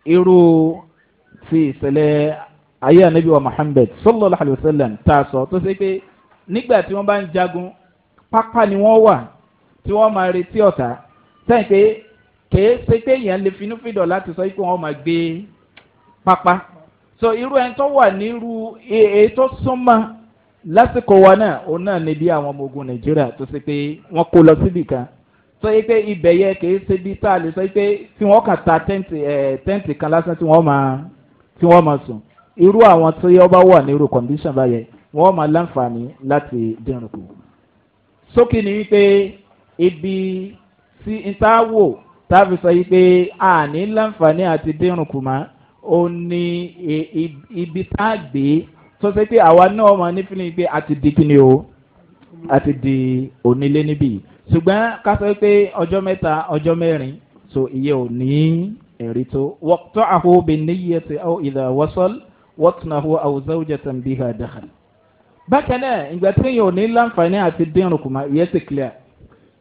irú ti ìṣẹ̀lẹ̀ ayé anabi wa muhammed sallallahu alayhi wa sallam tá a sọ tó ṣe pé nígbà tí wọ́n bá ń jagun pápá ni wọ́n wà tí wọ́n máa retí ọ̀tá sẹ́yìn pé kèé ṣe pé èèyàn lè finúfidọ̀ láti sọ pé wọ́n máa gbé pápá so irú ẹni tó wà nírú èyí tó súnmọ́ lásìkò wa náà òun náà ni bí àwọn ọmọ ogun nàìjíríà tó ṣe pé wọ́n kó lọ síbìkan sọ yìí pé ibẹ̀ yẹ kì í ṣe bí tá a lè sọ yìí pé tí wọ́n kàn ta tẹ́ǹtì ẹ̀ tẹ́ǹtì kan lásán tí wọ́n máa tí wọ́n máa sùn irú àwọn tí ọba wà ní irú condition báyẹn wọ́n máa láǹfààní láti dẹrùn kù. sókè ni wípé ibi tí n tá a wò tá a fi sọ yìí pé a ní láǹfààní àti dẹrùn kù mọ́ ó ní ibi tá a gbé tó ṣe pé àwa náà máa ní pé a ti di kíni o a di onílé níbí yìí ṣùgbọ́n ká sọ pé ọjọ́ mẹ́ta ọjọ́ mẹ́rin so iye ò ní ẹ̀rí tó wọ́pútọ́ àhóbi níyẹ ti ọ ìdá wọ́sọ́l wọ́túnàhó àwùzọ́wùjẹ tàn bí ha dàkàn. bákan náà ìgbà tí yóò ní láǹfààní àti dínrùn kùmà ìyẹn ti clear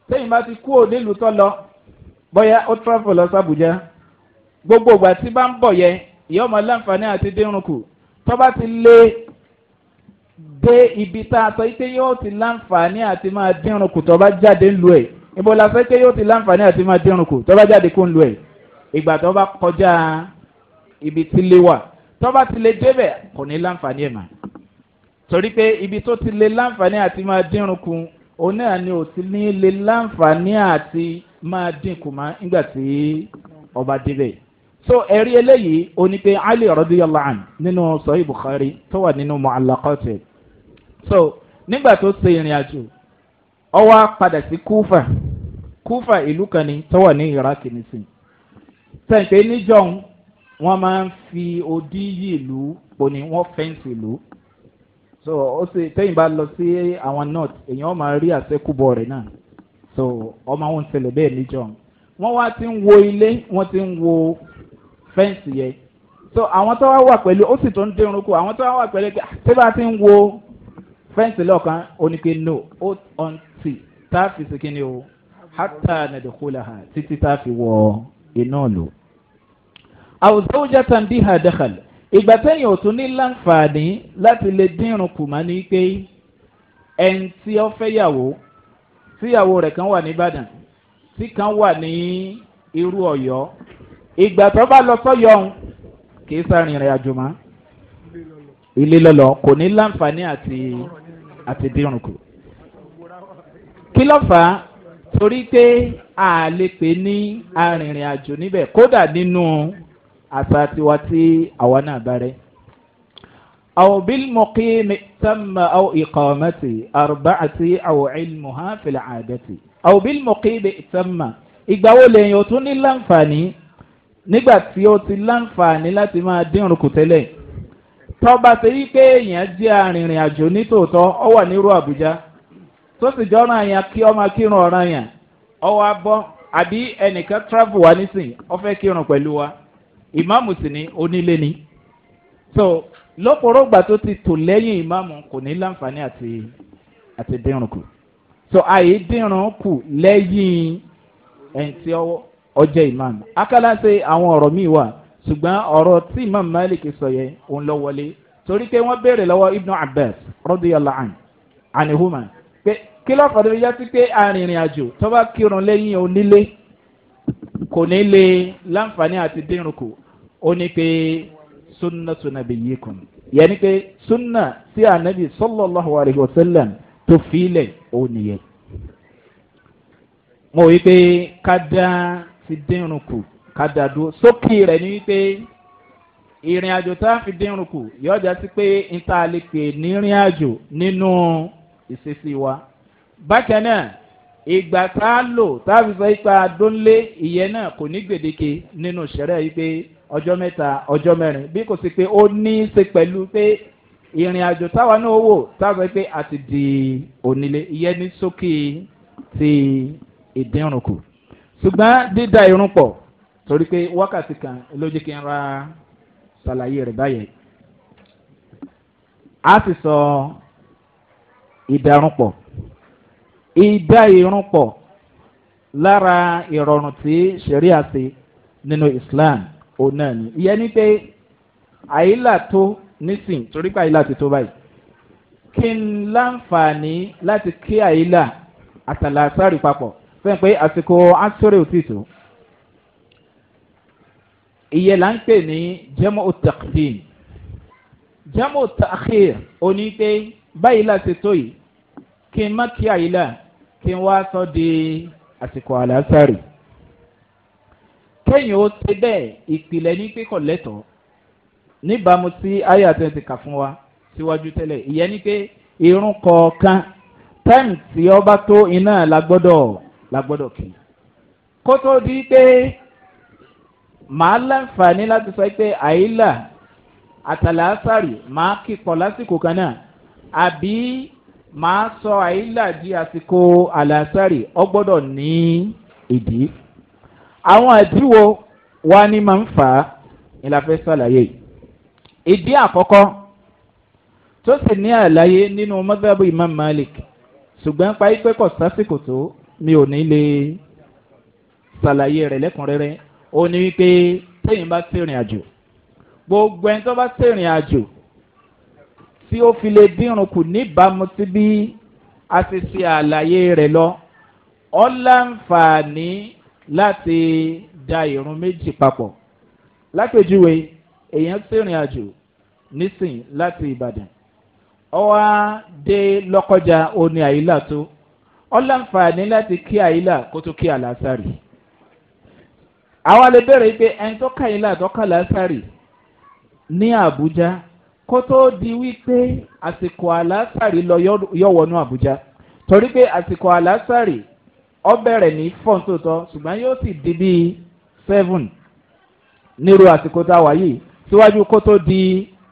tẹ́yìn bá ti kú òde lù tọ́ lọ bọ́yá ó travel lọ sàbújá gbogbo ìgbà tí bá ń bọ̀ yẹ ìyá láǹfààní àti dínrùn kù tọ́ bá ti lé dé ibi tá a sọ yìí pé yóò ti láǹfààní àti máa dínrùn kù tó jáde ń lu ẹ̀ ibo la fẹ́ pé yóò ti láǹfààní àti máa dínrùn kù tó bá jáde kó ń lu ẹ̀ ìgbà tó bá kọjá ibi tí lé wà tó bá ti lè débẹ̀ kò ní láǹfààní ẹ̀ mà torí pé ibi tó ti lè láǹfààní àti máa dínrùn kù òun náà ni ò ti ní lè láǹfààní àti máa dínkù má nígbà tí ọba débẹ̀ so ẹ̀rí eléyìí oní pé ali rọ́díyàlá nínú sọ́yìn bukhari tó wà nínú mọ́ àlàkọ́tẹ̀ẹ́ so nígbà tó ṣe ìrìn àjò ọ wá padà sí kúfà kúfà ìlú kan ní tọ́wọ̀ ní iraq nìsín sẹ̀ǹpé níjọ́hún wọ́n máa ń fi odi yí ìlú poni wọ́n fẹ́ǹsì ìlú so ó sì tẹ́yìn bá lọ sí àwọn north èèyàn máa rí àṣekúbọ̀ rẹ̀ náà so ọmọ wọn ń ṣẹlẹ̀ bẹ́ẹ̀ níjọ́hún wọ́n wá ti ń wo ilé wọ́n ti ń wo fẹ́ǹsì yẹn so àwọn tó wá wà pẹ̀lú ó sì tó ń dín irun kù àwọn tó wá wà pẹ̀lú pé àtẹ́bà ah, ti ń wo fẹ́ǹsì lọ́ọ̀kan oníke no hold on ti tá a fi sìnkì ni o hátà nàdìkúlà hàn títí tá a fi wọ iná lò. àwùjọ oúnjẹ tàn bí hà dẹ́kàl ìgbà tẹ́yìn òtún ní láǹfààní láti lè dínrùn kù má ní pé ẹni tí ó fẹ́ yàwó tíyàwó rẹ̀ kan wà nìbàdàn tí kan wà ní irú ọ̀yọ́ ìgbà tó bá lọ sọ́yọ́ ọ̀hún kì í sáré ìrìn ilé lọ́lọ́ kò ní láǹfààní àti àti dírun kù. kí ló fà á torí pé a lè pè ní arìnrìn àjò níbẹ̀ kódà nínú àṣà tiwa tí àwa náà bá rẹ. أو بالمقيم تم أو إقامة أربعة أو علمها في العادة أو بالمقيم تم ìgbà wo lèyìn ò tún ní láǹfààní nígbà tí ó ti láǹfààní láti máa dín rúkú tọ́ba ṣe yí pé èèyàn jẹ́ arìnrìn àjò nítòótọ́ ọ wà nírú àbújá tó sì jọ́ ọ̀ràn yẹn kí ọmọ kírun ọ̀ràn yẹn ọ wá bọ́ àbí ẹnìkan travel wá nísìnyí ọ fẹ́ kírun pẹ̀lú wa ìmáàmù sì ni onílé ni so lọ́pọ̀rọ̀gbà tó ti tò lẹ́yìn ìmáàmù kò ní láǹfààní àti àti dírun kù so àyè dírun kù lẹ́yìn ẹ̀ǹtí ọjọ́ ìmáàmù akálà ṣe àwọn ọ̀rọ̀ míì wà ṣùgbọ́n ọ̀rọ̀ tí imam malik sọ yẹn òun lọ wọlé torí pé wọ́n béèrè lọ́wọ́ ibnu abbas rọ́díyàlá ànihuma pé kí lọ́kọ̀dé yá sí pé arìnrìn àjò tó bá kírun lẹ́yìn onílé kò ní lè láǹfààní àti dínrùn kù ó ní pé sunna sunna bẹ̀ yí kùn yẹni pé sunna sí anabi sallallahu alayhi wa sallam tó fiilẹ̀ ó nìyẹn. mo wí pé ká dá ti dínrùn kù kádàdú sókè rẹ̀ ní pé ìrìn àjò tá a fi dínrùn kù yọjà sí pé níta lè pè ní ìrìn àjò nínú ìṣesí wa. bákan náà ìgbà tá a lò tá a fi sọ ipa dónlé ìyẹn náà kò ní gbèdéke nínú ìṣẹ̀rẹ̀ yìí pé ọjọ́ mẹ́ta ọjọ́ mẹ́rin bí kò sí pé ó ní í ṣe pẹ̀lú pé ìrìn àjò táwa náà wò táwa pé a di onílé ìyẹn ní sókè ti ìdínrùn ṣùgbọ́n dídá irun pọ̀ torí pé wákàtí kan ló jẹ́ kí n ra ṣàlàyé rẹ̀ báyẹn. a ti sọ ìdarúnpọ̀ ìdá ìrúnpọ̀ lára ìrọ̀rùn tí sẹ̀ríà ṣe nínú Islam òun náà ni ìyẹn ni pé àyílà tó nísìn torí pé àyílà ti tó báyìí kí n láǹfààní láti kí àyílà àtàlà sáré papọ̀ fẹ́ pé àsìkò asórè ò tí tó ìyẹn là ń pè ní jẹ́mọ̀ taqdim jẹ́mọ̀ ta'khir oní pé báyìí láti tó yìí kí n má kí àyílà kí n wá sọ di àsìkò àlásàrì kẹ́yìn ó ṣe bẹ́ẹ̀ ìpìlẹ̀ ní pẹ́kọ̀ lẹ́tọ̀ọ́ níbàámu sí àyà tó ti kà fún wa síwájú tẹ́lẹ̀ ìyẹn ni pé irun kọ̀ọ̀kan táìmù tí ọba tó iná la gbọ́dọ̀ la gbọ́dọ̀ kì í kó di pé màá láǹfààní láti sọ pé àìlà àtàlásàrì màá kíkọ lásìkò kan náà àbí màá sọ àìlà di àsìkò àlásàrì ọgbọ́dọ̀ ní ìdí. àwọn àdíwò wa ni máa ń fà á ni la fẹ́ sàlàyé ìdí àkọ́kọ́ tó sì ní àlàyé nínú mọ́tàbù imam malik ṣùgbọ́n pa ipe sásìkò tó mi ò ní lè ṣàlàyé rẹ̀ lẹ́kùnrẹ́rẹ́ ó ní wípé téèyàn bá sèrìn àjò gbogbo ẹni tó bá sèrìn àjò tí ó fi lè dírun kù níbàámu sí bí a ti ṣe àlàyé rẹ̀ lọ ọ láǹfààní láti da ìrun méjì papọ̀ lápèjúwe èèyàn sèrìn àjò nísìn láti ìbàdàn ọwọ́ dé lọ́kọjà ó ní àyílà tó ọ láǹfààní láti kí àyílà kó tó kí àlàásàrì àwa lè bẹ̀rẹ̀ pé ẹni tó kà yín ládọ́kà lásàrì ní àbújá kó tó di wípé àsìkò àlásàrì lọ yọ̀wọ̀nú àbújá torí pé àsìkò àlásàrì ọ bẹ̀rẹ̀ ní fọ́n tó tọ́ ṣùgbọ́n yóò sì di bíi seven nírú àsìkò tá a wà yìí síwájú kó tó di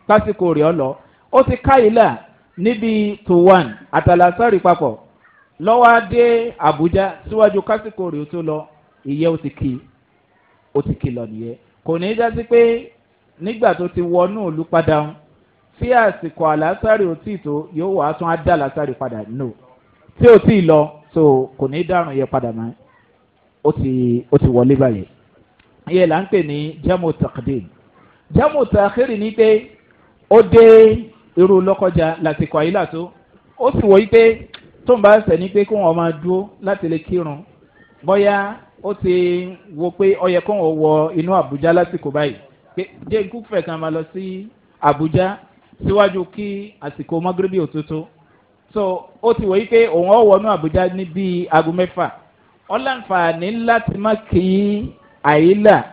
pásíkò rẹ̀ ọ lọ ó ti ká yín là níbi to one àtàlásàrì papọ̀ lọ́wọ́ á dé àbújá síwájú kásìkò rẹ̀ ó tó lọ ìyẹ́ ó ti kì í ó ti kìlọ̀ nìyẹn kò ní í dásí pé nígbà tó ti wọnú òlu padà ń tí àsìkò àlásàrì ò tí tó yóò wàá tún á dá àlásàrì padà nù tí ò tí ì lọ so kò ní í dárùn yẹn padà mọ́ ó ti ó ti wọlé báyìí ìyẹn là ń pè ní jamu takdim jamu takhiri ni pé ó dé irú lọ́kọjá lásìkò àyílà tó ó sì wọ́ yí pé tó ń bá ṣẹ̀ ní pé kó wọn máa dúró láti lè kírun bóyá ó ti wo pé ọyẹ kó wọn wọ inú abuja, lásìkò báyìí pé jẹ́ fẹ̀ kan máa lọ sí àbújá síwájú kí àsìkò mọ́gíríbì òtútù so ó ti wọ yí pé òun ọ̀ wọnú àbújá ní bíi aago mẹ́fà ọ̀làǹfààní láti má kí àyílà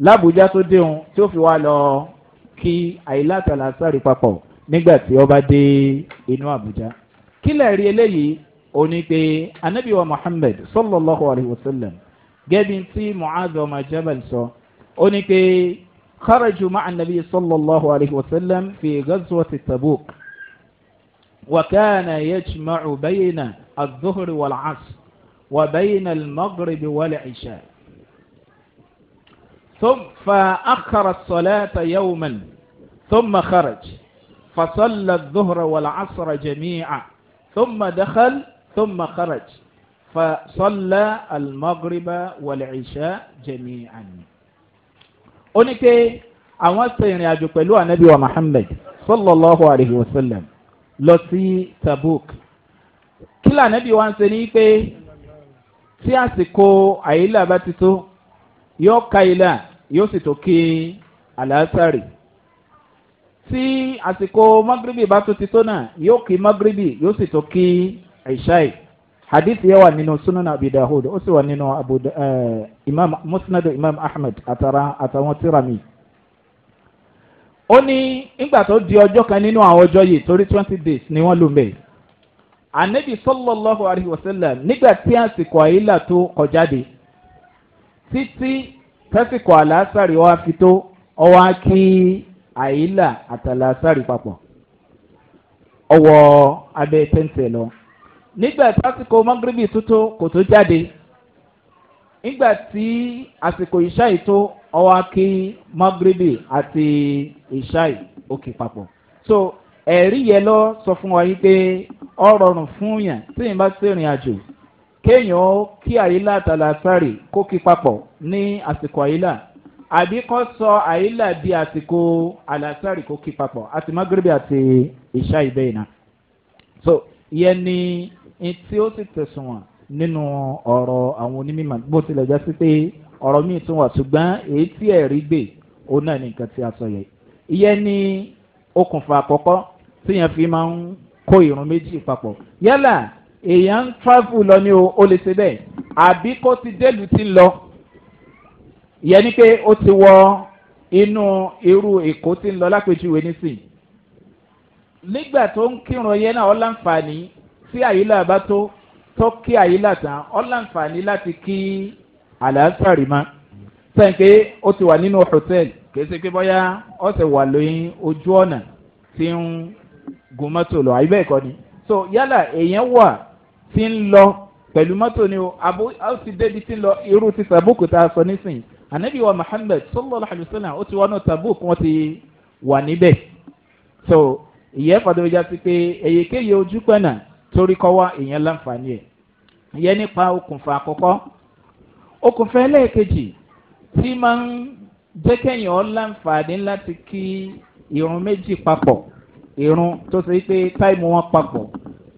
lábújá tó déhun tí ó fi wá lọ kí àyílà tàlásàrì papọ̀ nígbà tí ó bá dé inú àbújá. kílẹ̀ rí eléyìí òní pé anabiwa muhammed sallallahu alayhi wa sallam جابين في معاذ وما جبل سو اونيكي خرجوا مع النبي صلى الله عليه وسلم في غزوة التبوك وكان يجمع بين الظهر والعصر وبين المغرب والعشاء ثم فأخر الصلاة يوما ثم خرج فصلى الظهر والعصر جميعا ثم دخل ثم خرج fasọ́lá almagriba wàlẹ̀ṣá jẹ̀mí àná. ó ní pé àwọn ṣe ìrìn àjò pẹ̀lú anabi wa muhammed sallallahu alayhi wa sallam lọ sí tabuk. kí lànàbí wa ń ṣe ni pé tí àsìkò àyílà bá ti tó yóò ka ilà yóò sì tó kí àlàásàrì tí àsìkò magribi bá tó ti tó náà yóò kí magribi yóò sì tó kí àìṣáì hadithi yẹn wà nínú sunan abi dahud ó sì wà nínú abu eh, imam musnad imam ahmed àtàrà àtàwọn tirami. ó ní nígbà tó di ọjọ́ kan twenty days ni wọ́n lò mẹ́ẹ̀. anabi sallallahu alayhi wa sallam nígbà tí àsìkò àyílà tó kọjáde títí tásìkò àlàásàrì wa fi tó ọwọ́ kí àyílà àtàlàásàrì papọ̀ ọwọ́ abẹ́ tẹ́ǹtẹ̀ lọ nígbà tí àsìkò mọ́gírìbì tuntun kò tó jáde nígbà tí àsìkò ìṣáì tó ọwọ́ akí mọ́gírìbì àti ìṣáì òkè papọ̀ so ẹ̀rí yẹn lọ sọ fún wa yìí pé ọ rọrùn fún yàn tí yìí bá sí ìrìn àjò kéèyàn kí àyílà àtàlàsárì kó kí papọ̀ ní àsìkò àyílà àbí kọ́ sọ àyílà di àsìkò àlàsárì kó kí papọ̀ àti mọ́gírìbì àti ìṣáì bẹ́ẹ̀ náà so yẹn ni tí ó sì tẹ̀sùn nínú ọ̀rọ̀ àwọn onímọ̀ bó tilẹ̀ jẹ́ sí pé ọ̀rọ̀ míì tún wà ṣùgbọ́n èyí tí ẹ̀rí gbè òun náà ní nǹkan tí a sọ yẹ ìyẹn ní okùnfà àkọ́kọ́ tíyẹn fi máa ń kó ìrun méjì papọ̀ yálà èèyàn ń travel lọ ní o ó lè ṣe bẹ́ẹ̀ àbí kó ti délù ti ń lọ ìyẹn ni pé ó ti wọ inú irú èkó ti ń lọ lápèjúwe nísìn nígbà tó ń kírun yẹn náà ó láǹfààní tí àyílà bá tó tó kí àyílà tán ọ́ láǹfààní láti kí àlàáfàrí ma sẹ́ǹkẹ́ ó ti wà nínú hòtẹ́ẹ̀lì kìí ṣe pé bọ́yá ó sì wà lóyún ojú ọ̀nà tí ń gun mọ́tò lọ àyíbẹ̀ ẹ̀kọ́ ni so yálà èèyàn wà tí ń lọ pẹ̀lú mọ́tò ni o àbú ó sì débi tí ń lọ irú ti tàbùkù tá a sọ nísìnyí ànábì wa muhammed sallallahu alayhi wa sallam ó ti wọnú tàbùkù wọn ti wà níbẹ̀ so ìyẹn fàdúrójà sí pé èyíkéyìí ojú pẹ̀nà torí kọ́wọ́ èèyàn láǹfààní ẹ̀ ìyẹn nípa okùnfà àkọ́kọ́ okùnfà ẹlẹ́ẹ̀kejì tí máa ń jẹ́ kẹ́yìn ọ́ láǹfààní láti kí irun méjì papọ̀ irun tó ṣe pé táìmù wọn papọ̀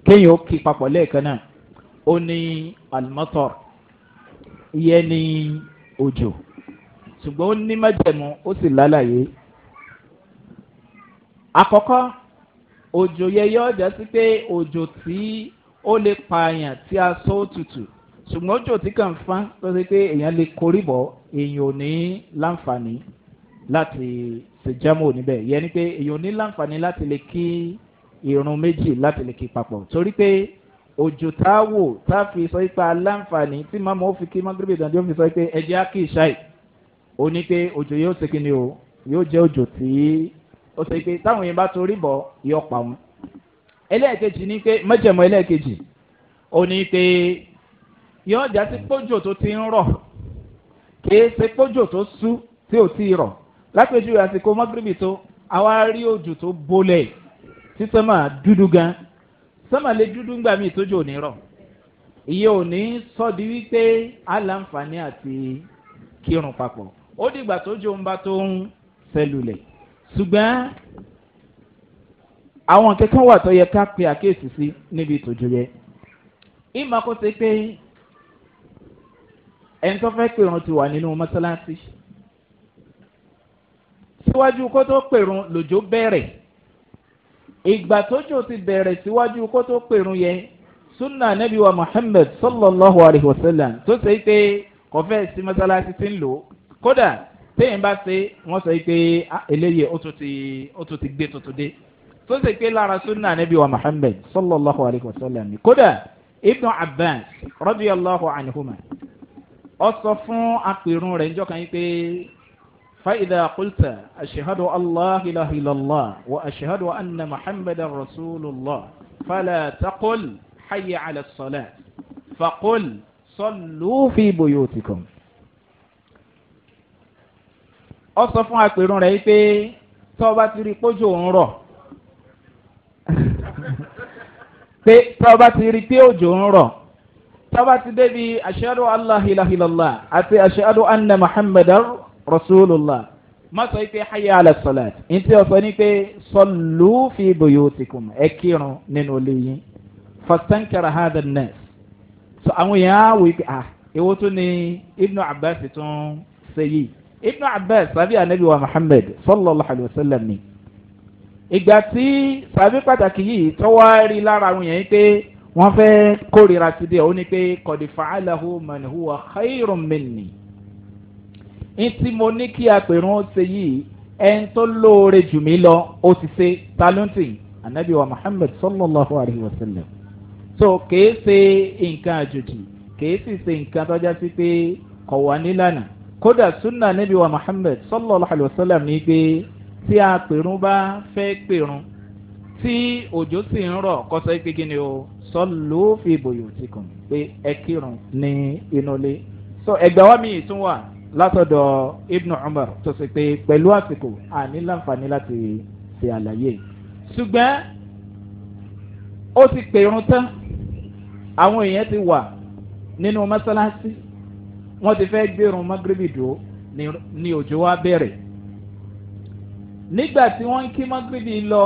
kẹ́yìn ó kí papọ̀ lẹ́ẹ̀kan náà ó ní alimọ́tọ̀ ìyẹn ní òjò ṣùgbọ́n ó ní májẹ̀mú ó sì lálàyé àkọ́kọ́ òjò yẹn yóò jẹ́ sí pé òjò tí ó lè pààyàn tí a sọ ó tutù ṣùgbọ́n òjò tí kàn fán tó ṣe pé èèyàn lè korí bọ̀ èèyàn ò ní láǹfààní láti ṣe níbẹ̀ yẹn ni pé èèyàn ò ní láǹfààní láti lè kí irun méjì láti lè kí papọ̀ torí pé òjò tá a wò tá a fi sọ ipa láǹfààní tí màmá ó fi kí mọ́gírìbì ìdánjì ó fi sọ pé ẹjẹ́ á kì í ṣáì ó ní pé òjò yóò ṣe kí ni o yóò jẹ́ òjò tí ó sọ pé táwọn yẹn bá torí bọ̀ yọ pa wọn. ẹlẹ́ẹ̀kejì ni pé mọ́jẹ̀mọ́ ẹlẹ́ẹ̀kejì ó ní pé yọ ọjà sí pójò tó ti ń rọ̀ kìí ṣe pójò tó sú tí ò tí ì rọ̀ lápẹjù àsìkò mọ́gírìbì tó àwa rí òjò tó bolẹ̀ tí sọ́mà dúdú gan sọ́mà lè dúdú gbà mí ìtójú ò ní rọ̀ ìyẹn ò ní sọ di wípé aláǹfààní àti kírun papọ̀ ó dìgbà tójú ń bá tó ń sẹlulẹ̀ ṣùgbọ́n àwọn kankan wà tó yẹ ká pe àkéèsì sí níbi ìtòjú yẹ ìmọ̀ kó ṣe pé ẹni tó fẹ́ pèrún ti wà nínú mọ́ṣáláṣí síwájú kó tó pèrún lòjó bẹ̀rẹ̀ ìgbà tójò ti bẹ̀rẹ̀ síwájú kó tó pèrún yẹ sunna nabi wa muhammed sallallahu alaihi wa sallam tó ṣe pé kò fẹ́ sí mọ́ṣáláṣí ti ń lò kódà téèyàn bá ṣe wọ́n sọ pé ah, eléyìí ó tún ti ó tún ti gbé tuntun dé tó ṣe pé lára sunna níbi wa muhammed sallallahu alayhi wa sallam kódà ibnu abbas radiyallahu anhuma ọ sọ fún apèrún rẹ̀ njọ́ kan pé فإذا قلت أشهد الله إله إلا الله وأشهد أن محمد رسول الله فلا تقل حي على الصلاة فقل صلوا ọ sọ fún apèrún rẹ̀ pé tọ́ bá ti rí pójú òun rọ̀ (laughs) pé tọ́ bá ti rí pé òjò ń rọ̀ tọ́ bá ti débi aṣáájú aláhìláhìlá àti aṣáájú anna muhammed rasulillah má sọ pé hayya ala salat ní tí o sọ ni pé sọlù fi bòyótìkùn ẹ kírun nínú ilé yín fasankara hada nas so àwọn èèyàn á wò pé ah èwo tún ni ibnu abbas tún ṣe yìí ibn abbas sàbí anabi wa muhammed sallallahu alayhi wa sallam ni ìgbà tí sàbí pàtàkì yìí tọ́wọ́ rí lára àwọn yẹn pé wọ́n fẹ́ kórira ti dé ọ ní pé kọ̀dífà aláhu mọ̀nìhù wa xeyìrún mẹ́ni ntí mo ní kí apẹ̀rún ó ṣe yìí ẹni tó lóore jù mí lọ ó ti ṣe talonti anabi wa muhammed sallallahu alayhi wa sallam so kèé ṣe nǹkan àjòjì kèé sì ṣe nǹkan tọ́já sí pé kọ̀wá nílànà kódà sunna níbi wa muhammed sallallahu alayhi wa sallam ní pé tí a pèrún bá fẹ́ pèrún tí òjò sì ń rọ̀ kọ́sọ́ pé kí ni o sọ ló fi bòyò tí kàn pé ẹ kírun ní inú ilé so ẹgbẹ́ wa mi tún wà látọ̀dọ̀ ibnu umar tó sì pé pẹ̀lú àsìkò àní láǹfààní láti ṣe àlàyé ṣùgbọ́n ó ti pèrún tán àwọn èèyàn ti wà nínú mọ́sálásí wọ́n ti fẹ́ gbẹ̀rún magrebi dò ní òjò wa bẹ̀rẹ̀ nígbà tí wọ́n ń kí magrebi lọ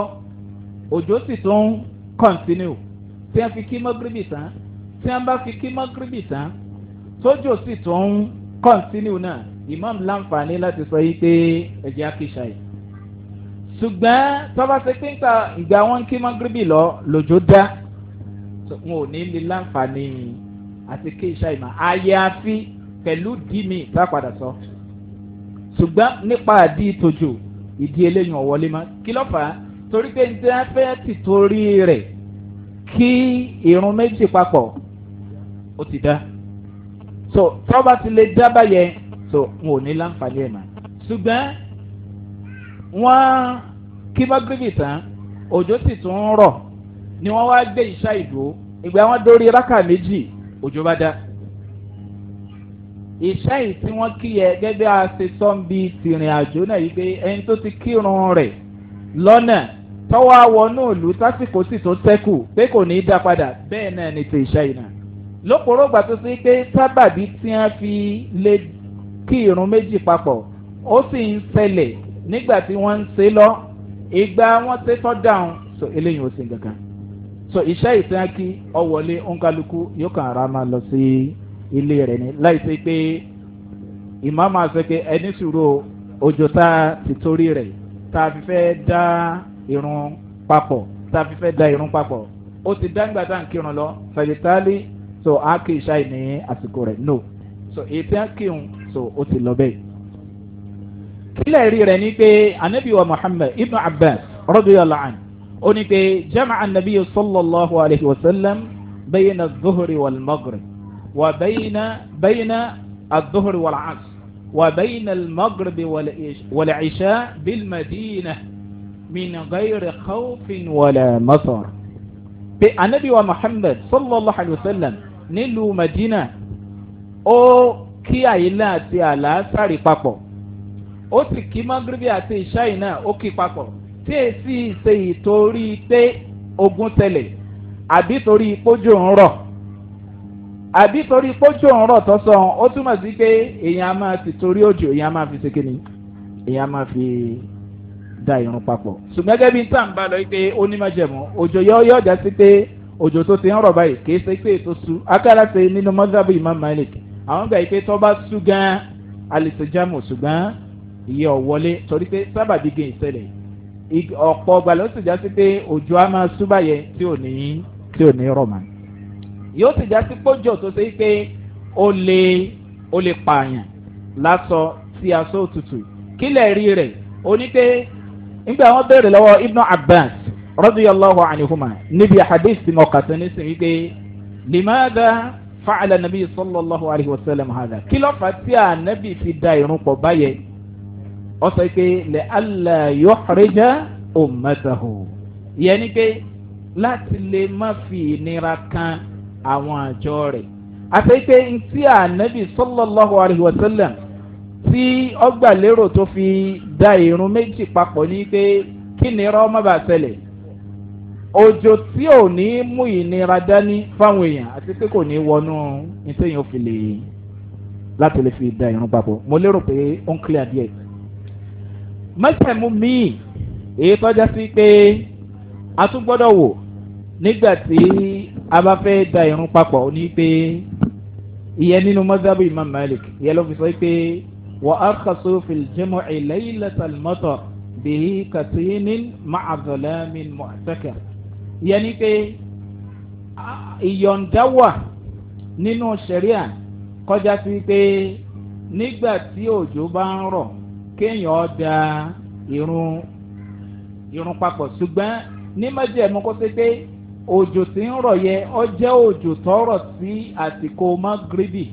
òjò sì tún kọ̀ǹtínú tí wọ́n fi kí magrebi tán tí wọ́n bá fi kí magrebi tán tójò sì tún kọ̀ǹtínú náà imam láǹfààní láti sọ yìí pé ẹ̀jẹ̀ akíṣà yìí ṣùgbọ́n tọ́ba ṣe pé nípa ìgbà wọn ń kí magrebi lọ lòjò dá wọn ò ní lè láǹfààní àti kí ìṣá ìmọ̀ àyàfi pẹ̀lú dí mi bá padà sọ. ṣùgbọ́n nípa àdí ìtòjò ìdí eléyìn ọ̀wọ́lé mọ́ kí ló fà á torí pé ní wọ́n fẹ́ ti torí rẹ̀ kí irun méjì papọ̀ ó ti dá. so tọ́ba ti lè dá báyẹn so n ò ní láǹfààní ẹ̀ mọ́. ṣùgbọ́n wọ́n kí bá gbégbé tán òjò sì tún ń rọ̀ ni wọ́n wá gbé iṣẹ́ ìdúró ìgbà wọn dórí rákà méjì òjò bá dá ìṣá yìí tí wọ́n kí yẹ gẹ́gẹ́ a ṣe sọ ń bi tìrìn àjò náà yìí pé ẹni tó ti kírun rẹ̀ lọ́nà tọ́wọ́ wọnú ìlú tásìkò sì tó tẹ́kù pé kò ní í dá padà bẹ́ẹ̀ náà ni ti ìṣá yìí náà lóporó gbà tó sí pé sábàbí tí wọ́n fi lè kí méjì papọ̀ ó sì ń ṣẹlẹ̀ nígbà tí wọ́n ń ṣe lọ ìgbà wọn ṣe tọ́ dáhùn so eléyìí ò sí nǹkan so ìṣá yìí tí wọ́n kí ọ wọlé òǹkálukú yóò kàn ara máa lọ sí ilé rẹ̀ ni láì sí pé ìmáàmù àṣepé ẹni sùúrù òjò tá a ti torí rẹ̀ tá a fi fẹ́ dá irun papọ̀ tá a fi fẹ́ dá irun papọ̀ ó ti dá nígbà tá à ń kírun lọ fẹ̀yìntàlì so a kì í ṣáì ní àsìkò rẹ̀ no so èyí tí a kírun so ó ti lọ bẹ́ẹ̀. kílẹ̀ rí rẹ̀ ni pé anabiwa muhammed ibn abbas rọ́bìyàlá àn ó ní pé sallallahu alayhi wa sallam bẹ́yìn na zuhuri wal وبين بين الظهر والعصر وبين المغرب والعشاء بالمدينة من غير خوف ولا مطر النبي محمد صلى الله عليه وسلم nílùú medina ó kí àyílá àti àlàásàrì papọ̀ ó sì kí magrebi àti ìṣáì náà ó kí papọ̀ tí èsì ṣe ìtorí pé ogun tẹlẹ̀ àbí torí ìpójú ń rọ̀ àbí torí pójú òun rọ̀ tọ́sán ó túmọ̀ sí pé èèyàn máa ti torí òjò èèyàn máa fi ṣèké ni èèyàn máa fi da irun papọ̀. ṣùgbọ́n gẹ́gẹ́ bí n tàn bá lọ pé ó ní májẹ̀mú òjò yọ̀ọ́yọ̀ já sí pé òjò tó ti ń rọ̀ báyìí kì í ṣe pé ètò su akára ṣe nínú mọ́sábù imam malik àwọn gbà pé tọ́ bá sú gan alìsèjámù ṣùgbọ́n ìyẹ́ ọ̀ torí pé sábàbí gé ìṣẹ̀lẹ̀ ọ̀pọ̀ ọgbà ló sì já sí pé òjò á máa sú báyẹn tí ò ní rọ̀ mọ́ yóò sì já sí pójò tó ṣe pé o lè o lè pààyàn lásọ sí aṣọ òtútù kílẹ̀ rí rẹ̀ o ní pé nígbà wọn béèrè lọ́wọ́ ibnu abbas rọ́dúyàlláhu anihuma níbi hadith tí mo kà sí ní sìn wípé limada fàcàlà nàbí sallallahu alayhi wa sallam hada kí ló fà tí a nàbí fi da irun pọ̀ báyẹ̀ ọ sọ pé lè ala yóò xarija o mẹta hù ni pé láti lè má fi ìnira kan àwọn àjọ rẹ̀ àtẹ́pẹ́ ntí ànábì sọlọ́láhu alayhi wa sallam tí ọgbà lérò tó fi da irun méjì papọ̀ ní pé kí ni irọ́ má bàa ṣẹlẹ̀ òjò tí ò ní mú ìnira dání fáwọn èèyàn àti pé kò ní wọnú nítorí ó fi lè láti lè fi da irun papọ̀ mo lérò pé ó ń clear díẹ̀ mẹ́sẹ̀mú míì èyí tọ́já sí pé a tún gbọ́dọ̀ wò nígbà tí a bá fẹ́ da irun papọ̀ ó ní pé ìyẹn nínú mọ́sábù imam malik ìyẹn ló fi sọ pé wà á kàṣó fìlìjẹ́mọ̀ ìlẹ́yìn lẹ́tàlmọ́tọ̀ bìí kàtíyìnì máàzọ̀lẹ́mì mọ̀ọ́tẹ́kẹ̀ ìyẹn ní pé ìyọ̀ǹda wà nínú sẹ̀ríà kọjá sí pé nígbà tí òjò bá ń rọ̀ kéèyàn da irun irun papọ̀ ṣùgbọ́n ní mọ́jẹ̀mú kó ṣe òjò tí ń rọ̀ yẹ ọ jẹ́ òjò tọrọ sí àsìkò magrebi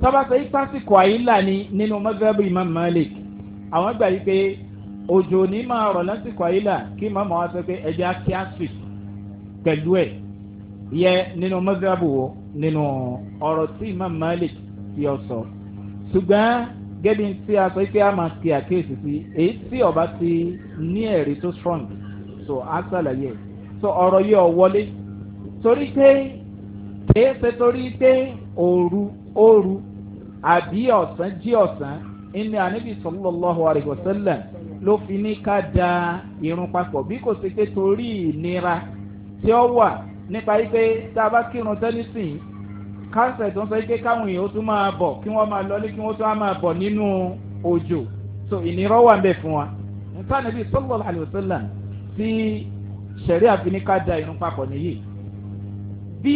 tọ́bàtà ìpàsìkò àyílà ni nínú magrebi imam malik àwọn gbà yìí pé òjò ní máa rọ̀ lásìkò àyílà kí màmá wa sọ pé ẹja kíásì pẹ̀lú ẹ̀ yẹ nínú magrebi wo nínú ọ̀rọ̀ tí imam malik ti ọ sọ ṣùgbọ́n gẹ́bí tí a sọ pé a máa kí àkéèsì sí èyí tí ọba ti ní ẹ̀rí tó strong so a sàlàyé ẹ̀ so ọ̀rọ̀ yìí ọ̀ wọlé torí pé kìí ṣe torí pé òru òru àbí ọ̀sán jí ọ̀sán ìní ànábì sọlọ́lọ́hu àrègbọ̀sẹ́lẹ̀ ló fi ní ká da irun papọ̀ bí kò ṣe pé torí ìnira tí ó wà nípa wípé tá a bá kírun tẹ́nísì káńsẹ̀ tó ń sọ wípé káwọn èèyàn tún máa bọ̀ kí wọ́n máa lọlé kí wọ́n tún máa bọ̀ nínú òjò so ìnira wà ń bẹ̀ fún wa nípa ànábì sọlọ́lọ́hu àrègbọ̀sẹ́lẹ̀ tí sẹ̀rí àfiníká da irun papọ̀ nìyí bí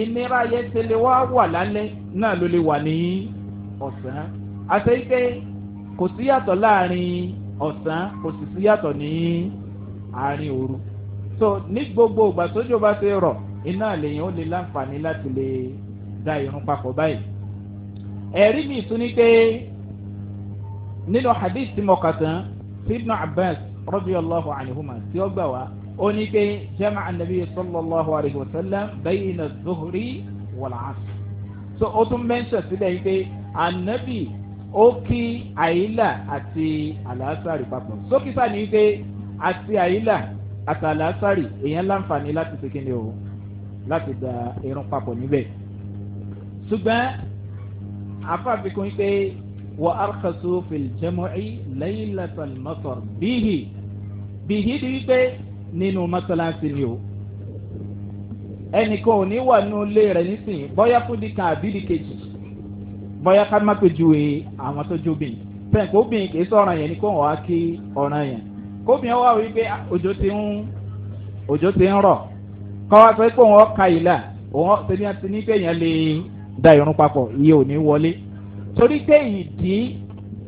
ìnira yẹn ti lè wá wà lálẹ́ náà ló lè wà ní ọ̀sán àtẹ̀yìnpé kò síyàtọ̀ láàrin ọ̀sán kò sì síyàtọ̀ ní àárín òru so ní gbogbo ìgbà tójú bá ti rọ̀ iná lèyìn ó lè láǹfààní láti lè da irun papọ̀ báyìí ẹ̀rí mi tún ni pé nínú hadith tí mo kà tán abbas rọ́bì allahu anihuma tí ó gbà wá onígbé jama anabi sallallahu alayhi wa sallam bayna zuhri wal asr so o tún mẹ́ńsọ̀ sílẹ̀ yìí pé anabi ó kí àyílà àti àlàásàrì papọ̀ sókítà ní pé àti àyílà àti àlàásàrì èèyàn láǹfààní láti ṣe kíni o láti da irun papọ̀ níbẹ̀ ṣùgbọ́n afáfikún pé wà arkhasu fil jam'i laylatal matar bíhì bíhì di wípé nínú mọ́sálásí ni o ẹnìkan ò ní wà nínú ilé rẹ̀ nísìnyí bóyá fúdi kan àbídì kejì bóyá ká má pe ju e àwọn tó jóbìn pẹ̀lú kóbìn kì í sọ̀ràn yẹn ní kó wọ́n á kí ọ̀ràn yẹn kóbìn wá wí pé ah, òjò ti ń òjò ti ń rọ̀ kọ́wá sọ pé òun ọ̀ka ìlà òun ṣẹbi àti ní kéèyàn lè da irun papọ̀ iye ò ní wọlé torí pé ìdí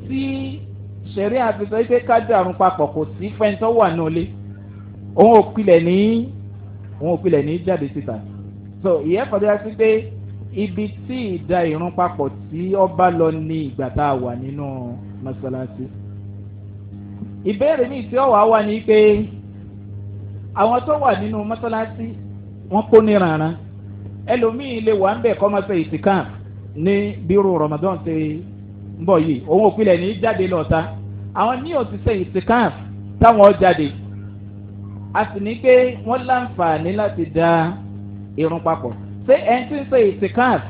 tí sẹ̀rí àti sọ pé ká da irun papọ̀ kò sí fẹ́ntọ́ wà ní òun ò pilẹ̀ ní òun ò pilẹ̀ ní ibi tí ìrún papọ̀ tí ọba lọ ní ìgbà wa ni pé àwọn tó wà nínú mọ́ṣáláṣí wọ́n kó ní rànran ẹlòmíì lè wà ń bẹ̀ kọ́ máa ìsìnkàn ní bírò ramadan ṣe ń bọ̀ yìí òun ò pilẹ̀ ní jáde lọ́ta àwọn ní òṣìṣẹ́ ìsìnkàn táwọn a sì ní pé wọ́n láǹfààní láti da irun papọ̀ ṣé ẹni tí ń ṣe ìsìnkáàf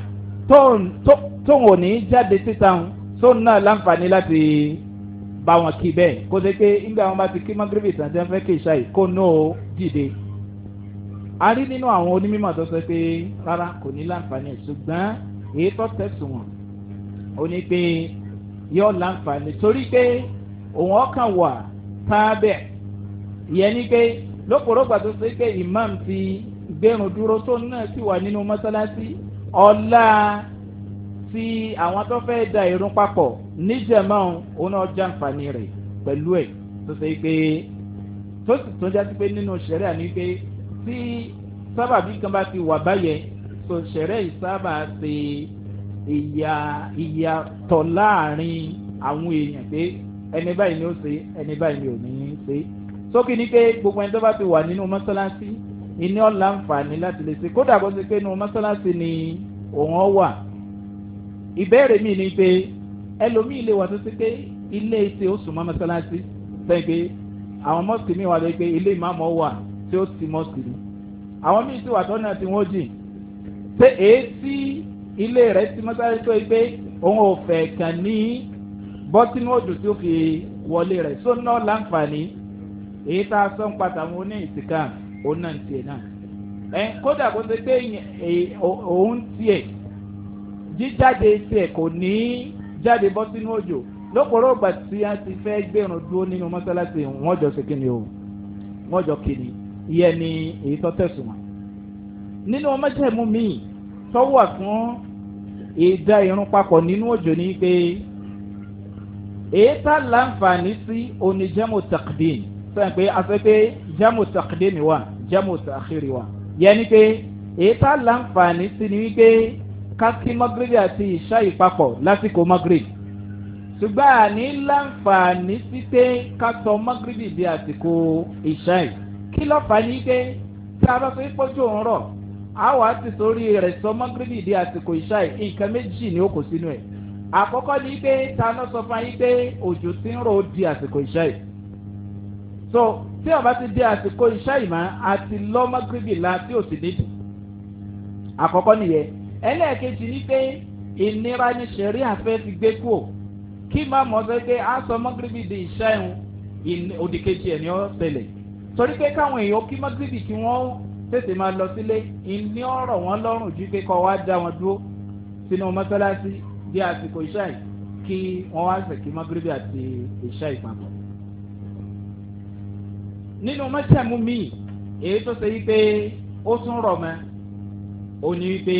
tóun ò ní jáde síta tóun náà láǹfààní láti bá wọn kí bẹ́ẹ̀ kó ṣe pé nígbà wọn bá ti kí mọ́gírìbì tàn tí wọ́n fẹ́ kí ìṣá yìí kó náà dìde a rí nínú àwọn onímọ̀ tó sọ pé rárá kò ní láǹfààní ṣùgbọ́n èyí tó tẹ̀sùn wọn ò ní pé yọ láǹfààní torí pé òun ọkàn wà tábẹ̀ yẹn ni pé lọ́pọ̀lọpọ̀ tó ṣe pé imam ti gbẹ̀rùn dúró tó náà sì wà nínú mọ́sálásí ọ̀la tí àwọn tó fẹ́ da irun papọ̀ níjẹ̀mọ́ òun náà jàǹfààní rẹ̀ pẹ̀lú ẹ̀ tó ṣe pé tó sì tó jásí pé nínú sẹ̀rẹ̀ àní pé tí sábàbí kan bá ti wà báyẹn tó sẹ̀rẹ̀ ìsábà ṣe ìyàtọ̀ láàrin àwọn èèyàn pé ẹni báyìí ni ó ṣe ẹni báyìí ni ò ní ṣe sókè ní pé gbogbo ẹni tó bá ti wà nínú mọ́sálásí iná ọ̀la ń fà ní láti lè ṣe kódà bó ṣe pé nínú mọ́sálásí ni òun ọ wà ìbéèrè mi ni pé ẹlòmíì lè wà tó ṣe pé ilé ṣe ó sùn mọ́ mọ́sálásí sẹ́yìn pé àwọn mọ́sìkì mi wà lóye pé ilé ìmáàmù wà tí ó ti mọ́sìkì mi àwọn míì sì wà tó náà tí wọ́n jìn ṣé èé sí ilé rẹ̀ sí mọ́sálásí tó yẹ pé òun ò fẹ̀ kàn ní bọ́tínú òjò tí ó fi wọlé rẹ̀ sóná láǹfààní. So, no, èyí tá a sọ ń pàtà wọn ní ìsìnká òun náà ń tiẹ̀ náà ẹ kódà kó ṣe pé òun tiẹ̀ jíjáde tiẹ̀ kò ní jáde bọ́ sínú òjò lọ́pọ̀lọpọ̀ ọgbà tí a ti fẹ́ gbẹ̀rún dúró nínú mọ́sálásí wọ́n jọ ṣe kíni o wọ́n jọ kíni ìyẹn ni èyí tó tẹ̀sùn wọn. nínú ọmọdéẹ̀mú mi tọ́wọ́ fún ìdá irun papọ̀ nínú òjò ni pé èyí tá láǹfààní sí oníjẹ́mọ̀ takdín sọyìn pé a sọ pé jamu sàkídémi wa jamu sàkírì wa yẹni pé èyí tá sí ni wípé kákí magrib àti ìṣá ìpapọ̀ lásìkò magrib ṣùgbọ́n àní láǹfààní sí pé kátọ magrib di àsìkò ìṣá yìí kí ló fà ní pé tí a bá fi pọ́jú òun rọ̀ a wà á ti sórí rẹ̀ sọ magrib di àsìkò ìṣá yìí nǹkan méjì ni ó kó sínú ẹ̀ àkọ́kọ́ ni pé ta ló sọ fún yín pé òjò ti ń rò ó di àsìkò ìṣá yìí so tí àbá ti dé àsìkò iṣẹ́ ìmọ̀ àti lọ́mọ́gírìbì la tí ò sì nídìí àkọ́kọ́ nìyẹn ẹlẹ́ẹ̀kejì ni pé ìnira ni sẹ̀rí àfẹ́ fi gbé kú ò kí máa mọ̀ sọ pé a sọ mọ́gírìbì di iṣẹ́ ìhun òdìkejì ẹ̀ ní ọ́ tẹ̀lẹ̀ torí pé káwọn èèyàn kí mọ́gírìbì kí wọ́n tètè máa lọ sílé ìní ọ̀rọ̀ wọn lọ́rùn ju pé kọ́ wá dá wọn dúró sínú mọ́sálásí bí àsìkò iṣẹ́ yìí kí wọ́n wá sẹ̀kí mọ́gírìbì àti iṣẹ́ ìpapọ̀ nínú mọ́tẹ́mú míì èyí tó ṣe wípé ó tún rọ̀ mọ́ ó ní wípé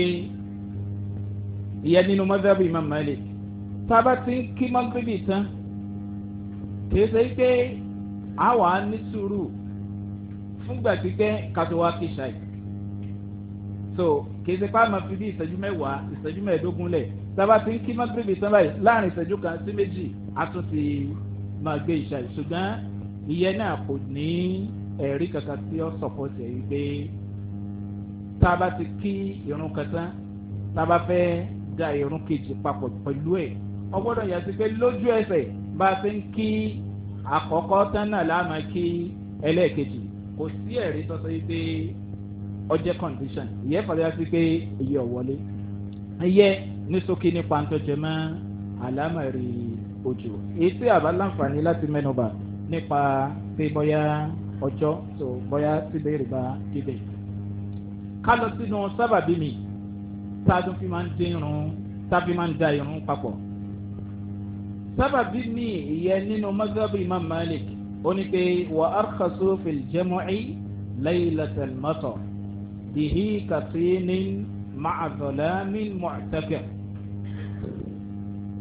ìyẹn nínú mọ́tẹ́mú ìmọ̀ mọ́lẹ̀ tábà ti ń kí mọ́gbẹ́bì tán kìí ṣe wípé a wà á ní sùúrù fúngbà pípẹ́ kátó wá kí so kìí ṣe pàmò fi bí ìṣẹ́jú mẹ́wàá ìṣẹ́jú mẹ́ẹ̀ẹ́dógún lẹ̀ tábà ti ń kí mọ́gbẹ́bì tán báyìí láàrin ìṣẹ́jú kan sí méjì a tún ti máa gbé ìṣáì ṣùgbọ́n ìyẹn náà kò ní ẹ̀rí kankan tí ó sọ̀pọ̀tì ẹ̀ gbé tá a bá ti kí irun kan tán tá a bá fẹ́ da irun kejì papọ̀ pẹ̀lú ẹ̀ ọgbọ́dọ̀ yàtí pé lójú ẹsẹ̀ bá a ti ń kí àkọ́kọ́ tán náà láàmà kí ẹlẹ́ẹ̀kejì kò sí ẹ̀rí tọ́tọ́ yìí pé ọjẹ́ condition ìyẹ́ fàlẹ́ yàtí pé èyí ò wọlé ẹyẹ ní sókè nípa ntọ́jẹ́ mọ́ àlámà rí ojú èyí tí láti mẹ́nu nípa pé bóyá ọjọ́ tó bóyá síbẹ̀ rẹ̀ bá débẹ̀. ká lọ sínú sábàbí mi táàdùn fi máa ń dín irun tábí máa ń da irun papọ̀. sábàbí mi ìyẹn nínú mazhab imam malik ó pé wà á kàṣó fil jam'i laylatal matar bihi kàtínì ma'a zalamin mu'takir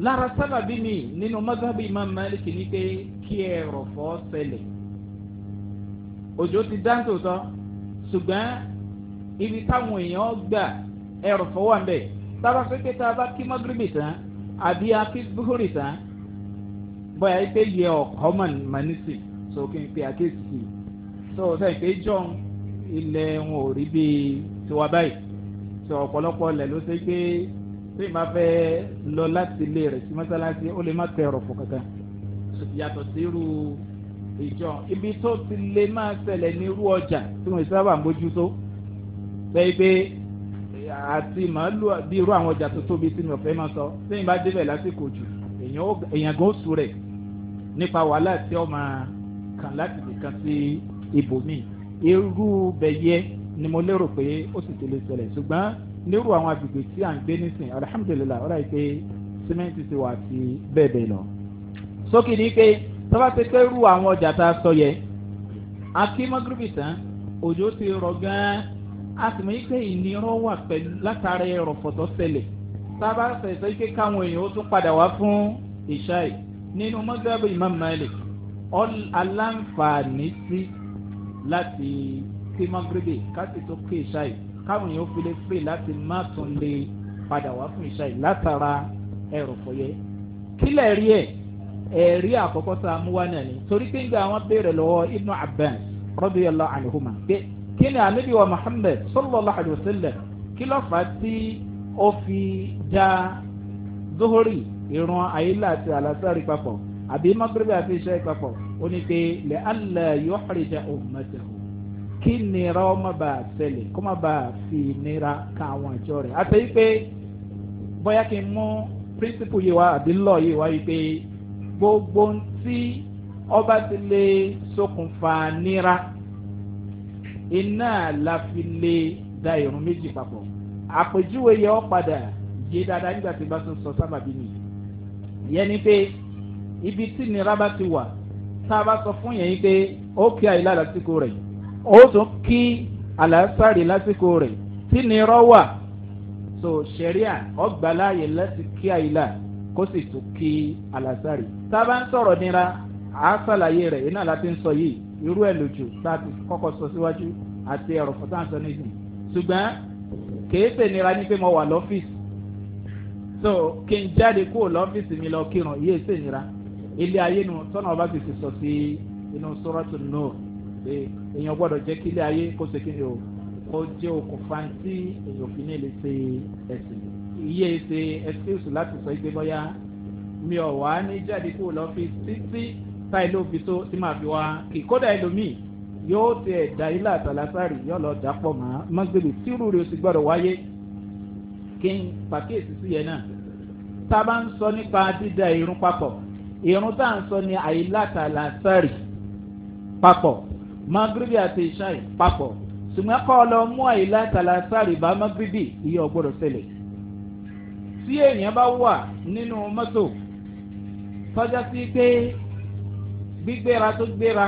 lára sábàbí mi nínú mazhab imam malik ní pé kí ẹrọ̀fọ̀ ṣẹlẹ̀ òjò ti dá tòótọ́ ṣùgbọ́n ibi táwọn èèyàn gbà ẹrọ̀fọ̀ wà ń bẹ̀ tábà pé pé tá a bá kí mọ́gírìbì tán àbí akíkúrì tán bóyá pé yẹ ọ̀kọ́ mọ̀nísì so kí n pe àkéèsì sí i so sẹ́yìn pé john ilẹ̀ wọn ò rí bíi tiwa báyìí so ọ̀pọ̀lọpọ̀ ilẹ̀ ló ṣe pé tí n bá fẹ́ lọ láti ilé rẹ̀ sí mọ́sálásí ó lè má tẹ ẹrọ̀fọ̀ kankan yàtọ̀ sí irú ìjọ ibi tó ti lè máa ṣẹlẹ̀ ní irú ọjà tí wọ́n sábà ń bójútó sẹ́yìn pé àti màálù bí irú àwọn ọjà tó tóbi tí mi ò fẹ́ máa sọ sẹ́yìn bá débẹ̀ lásìkò jù èèyàn gan oṣù rẹ̀ nípa wàhálà tí ọ máa kàn láti nìkan sí ibòmíì irú bẹ̀yẹ ni mo lérò pé ó sì ti lè ṣẹlẹ̀ ṣùgbọ́n nírú àwọn agbègbè tí à ń gbé nísìn alihamudulilayi ọ̀rọ̀ àìpé sìmẹ́ntì ti wà sí bẹ́ẹ̀ bẹ́ẹ̀ lọ sókè ní pé tọ́ba ti pé rú àwọn ọjà tá a sọ yẹ akímọ́gírìbì tán òjò ti rọ̀ gan-an a sì mọ̀ pé ìnira wà pẹ̀lú látara ẹ̀rọ fọ̀tọ̀ sẹlẹ̀ sábà sẹ̀sẹ̀ pé káwọn èèyàn ó tún padà wá fún ìṣáì nínú mọ́gàbí imam malik aláǹfààní sí láti kímọ́gírìbì káti tó kí ìṣáì káwọn èèyàn ó fi lè pè láti má tún lè padà wá fún ìṣáì látara ẹ̀rọ fọ̀yẹ́ kílẹ̀ rí ẹ̀ ẹ̀rí àkọ́kọ́ tá a mú wá náà ni torí pé nígbà àwọn béèrè lọ́wọ́ ibnu abbas rọ́bì yàrá àlùhùmá pé kí ni anabi wa muhammed sallallahu alayhi wa sallam kí ló fà á tí ó fi já zohori ìran àyílá àti àlásàrí papọ̀ àbí magrebe àti iṣẹ́ papọ̀ ó ní pé lè allah yóò xarìjà òmùmẹ́tẹ̀ o kí nira ó má bàa ṣẹlẹ̀ kó má bàa fi nira ka àwọn ìjọ rẹ̀ àti pé bóyá kí n mú píríncípù yìí wá àbí lọ́ọ̀ yìí wá yìí pé gbogbo ntí ọba ti lè ṣokùnfà nira iná la fi lè da irun méjì papọ̀ àpèjúwe yẹ ọ padà yé dáadáa nígbà tí bá tún sọ sábàbí nìyí yẹn ni pé ibi tí nira bá ti wà tá a bá sọ fún yẹn yìí pé ó kí àyílá lásìkò rẹ̀ ó tún kí àlàáfàrí lásìkò rẹ̀ tí nira wà so sẹ̀ríà ọgbàláyè láti kí àyílá kó sì tún kí alásàrì. sábà ń sọ̀rọ̀ nira à á sàlàyé rẹ̀ iná láti ń sọ yìí irú ẹ̀ lójú tá kọ́kọ́ sọ síwájú àti ẹ̀rọ fún táǹsọ ṣùgbọ́n kèé pè nira ni pé mo wà lọ́fíìsì so kí n jáde kúrò lọ́fíìsì mi lọ kírun yìí èsè nira ilé ayé nu tọ́nà ọba ti sọ sí inú sọ́rọ́tù nù pé èèyàn gbọ́dọ̀ jẹ́ kí ayé kó ṣe kí ni o kó jẹ́ okùnfà tí èèyàn fi ní lè ṣe ẹ̀sìn iye ṣe excuse láti sọ pé bọ́yá mi ò wá ní jáde kúrò lọ́fíìsì títí táì ló fi tó tí màá fi wá kì kódà ẹlòmíì yóò ti ẹ̀dá ilé àtàlásárì yóò lọ dàpọ̀ mọ́ mọ́gbèlè tí rúurú o sì gbọ́dọ̀ wáyé kí n pàkíyèsí sí yẹn náà tá a bá ń sọ nípa dídá irun papọ̀ irun tá à ń sọ ní àìlátàlásárì papọ̀ magrebi àti ìṣáì papọ̀ ṣùgbọ́n kọ́ ọ lọ mú àìlátàlásárì bá magrebi ìyẹn ò gbọ́dọ̀ tí èèyàn bá wà nínú mọ́tò tọ́já sí pé gbígbéra tó gbéra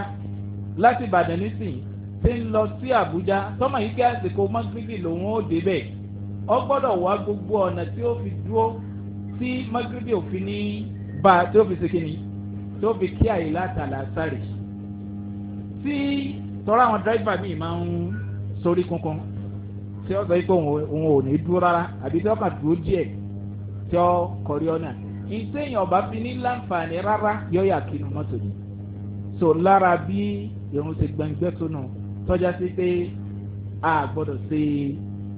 láti ìbàdàn nísìnyí ti ń lọ sí àbújá tọ́mọ̀ yìí kí àsìkò mọ́gbìgì lòun ó débẹ̀ ọ gbọ́dọ̀ wá gbogbo ọ̀nà tí ó fi dúró tí mọ́gbìgì òfin ní bá tí ó fi ṣe kíni tí ó fi kí àyè látàlá sáré tí tọ́ra àwọn dírẹ́fà míì máa ń sorí kankan tí ó sọ pé òun ò ní dúró rárá àbí tí ó kà dúró díẹ̀ tí ó kọrí ọ̀nà ìsẹ́yìn ọba fi ní láǹfààní rárá yọ yà kínú mọ́tò ni so lára bí irun ti gbẹ̀ngbẹ́ tó nù tọ́já sí pé a gbọ́dọ̀ ṣe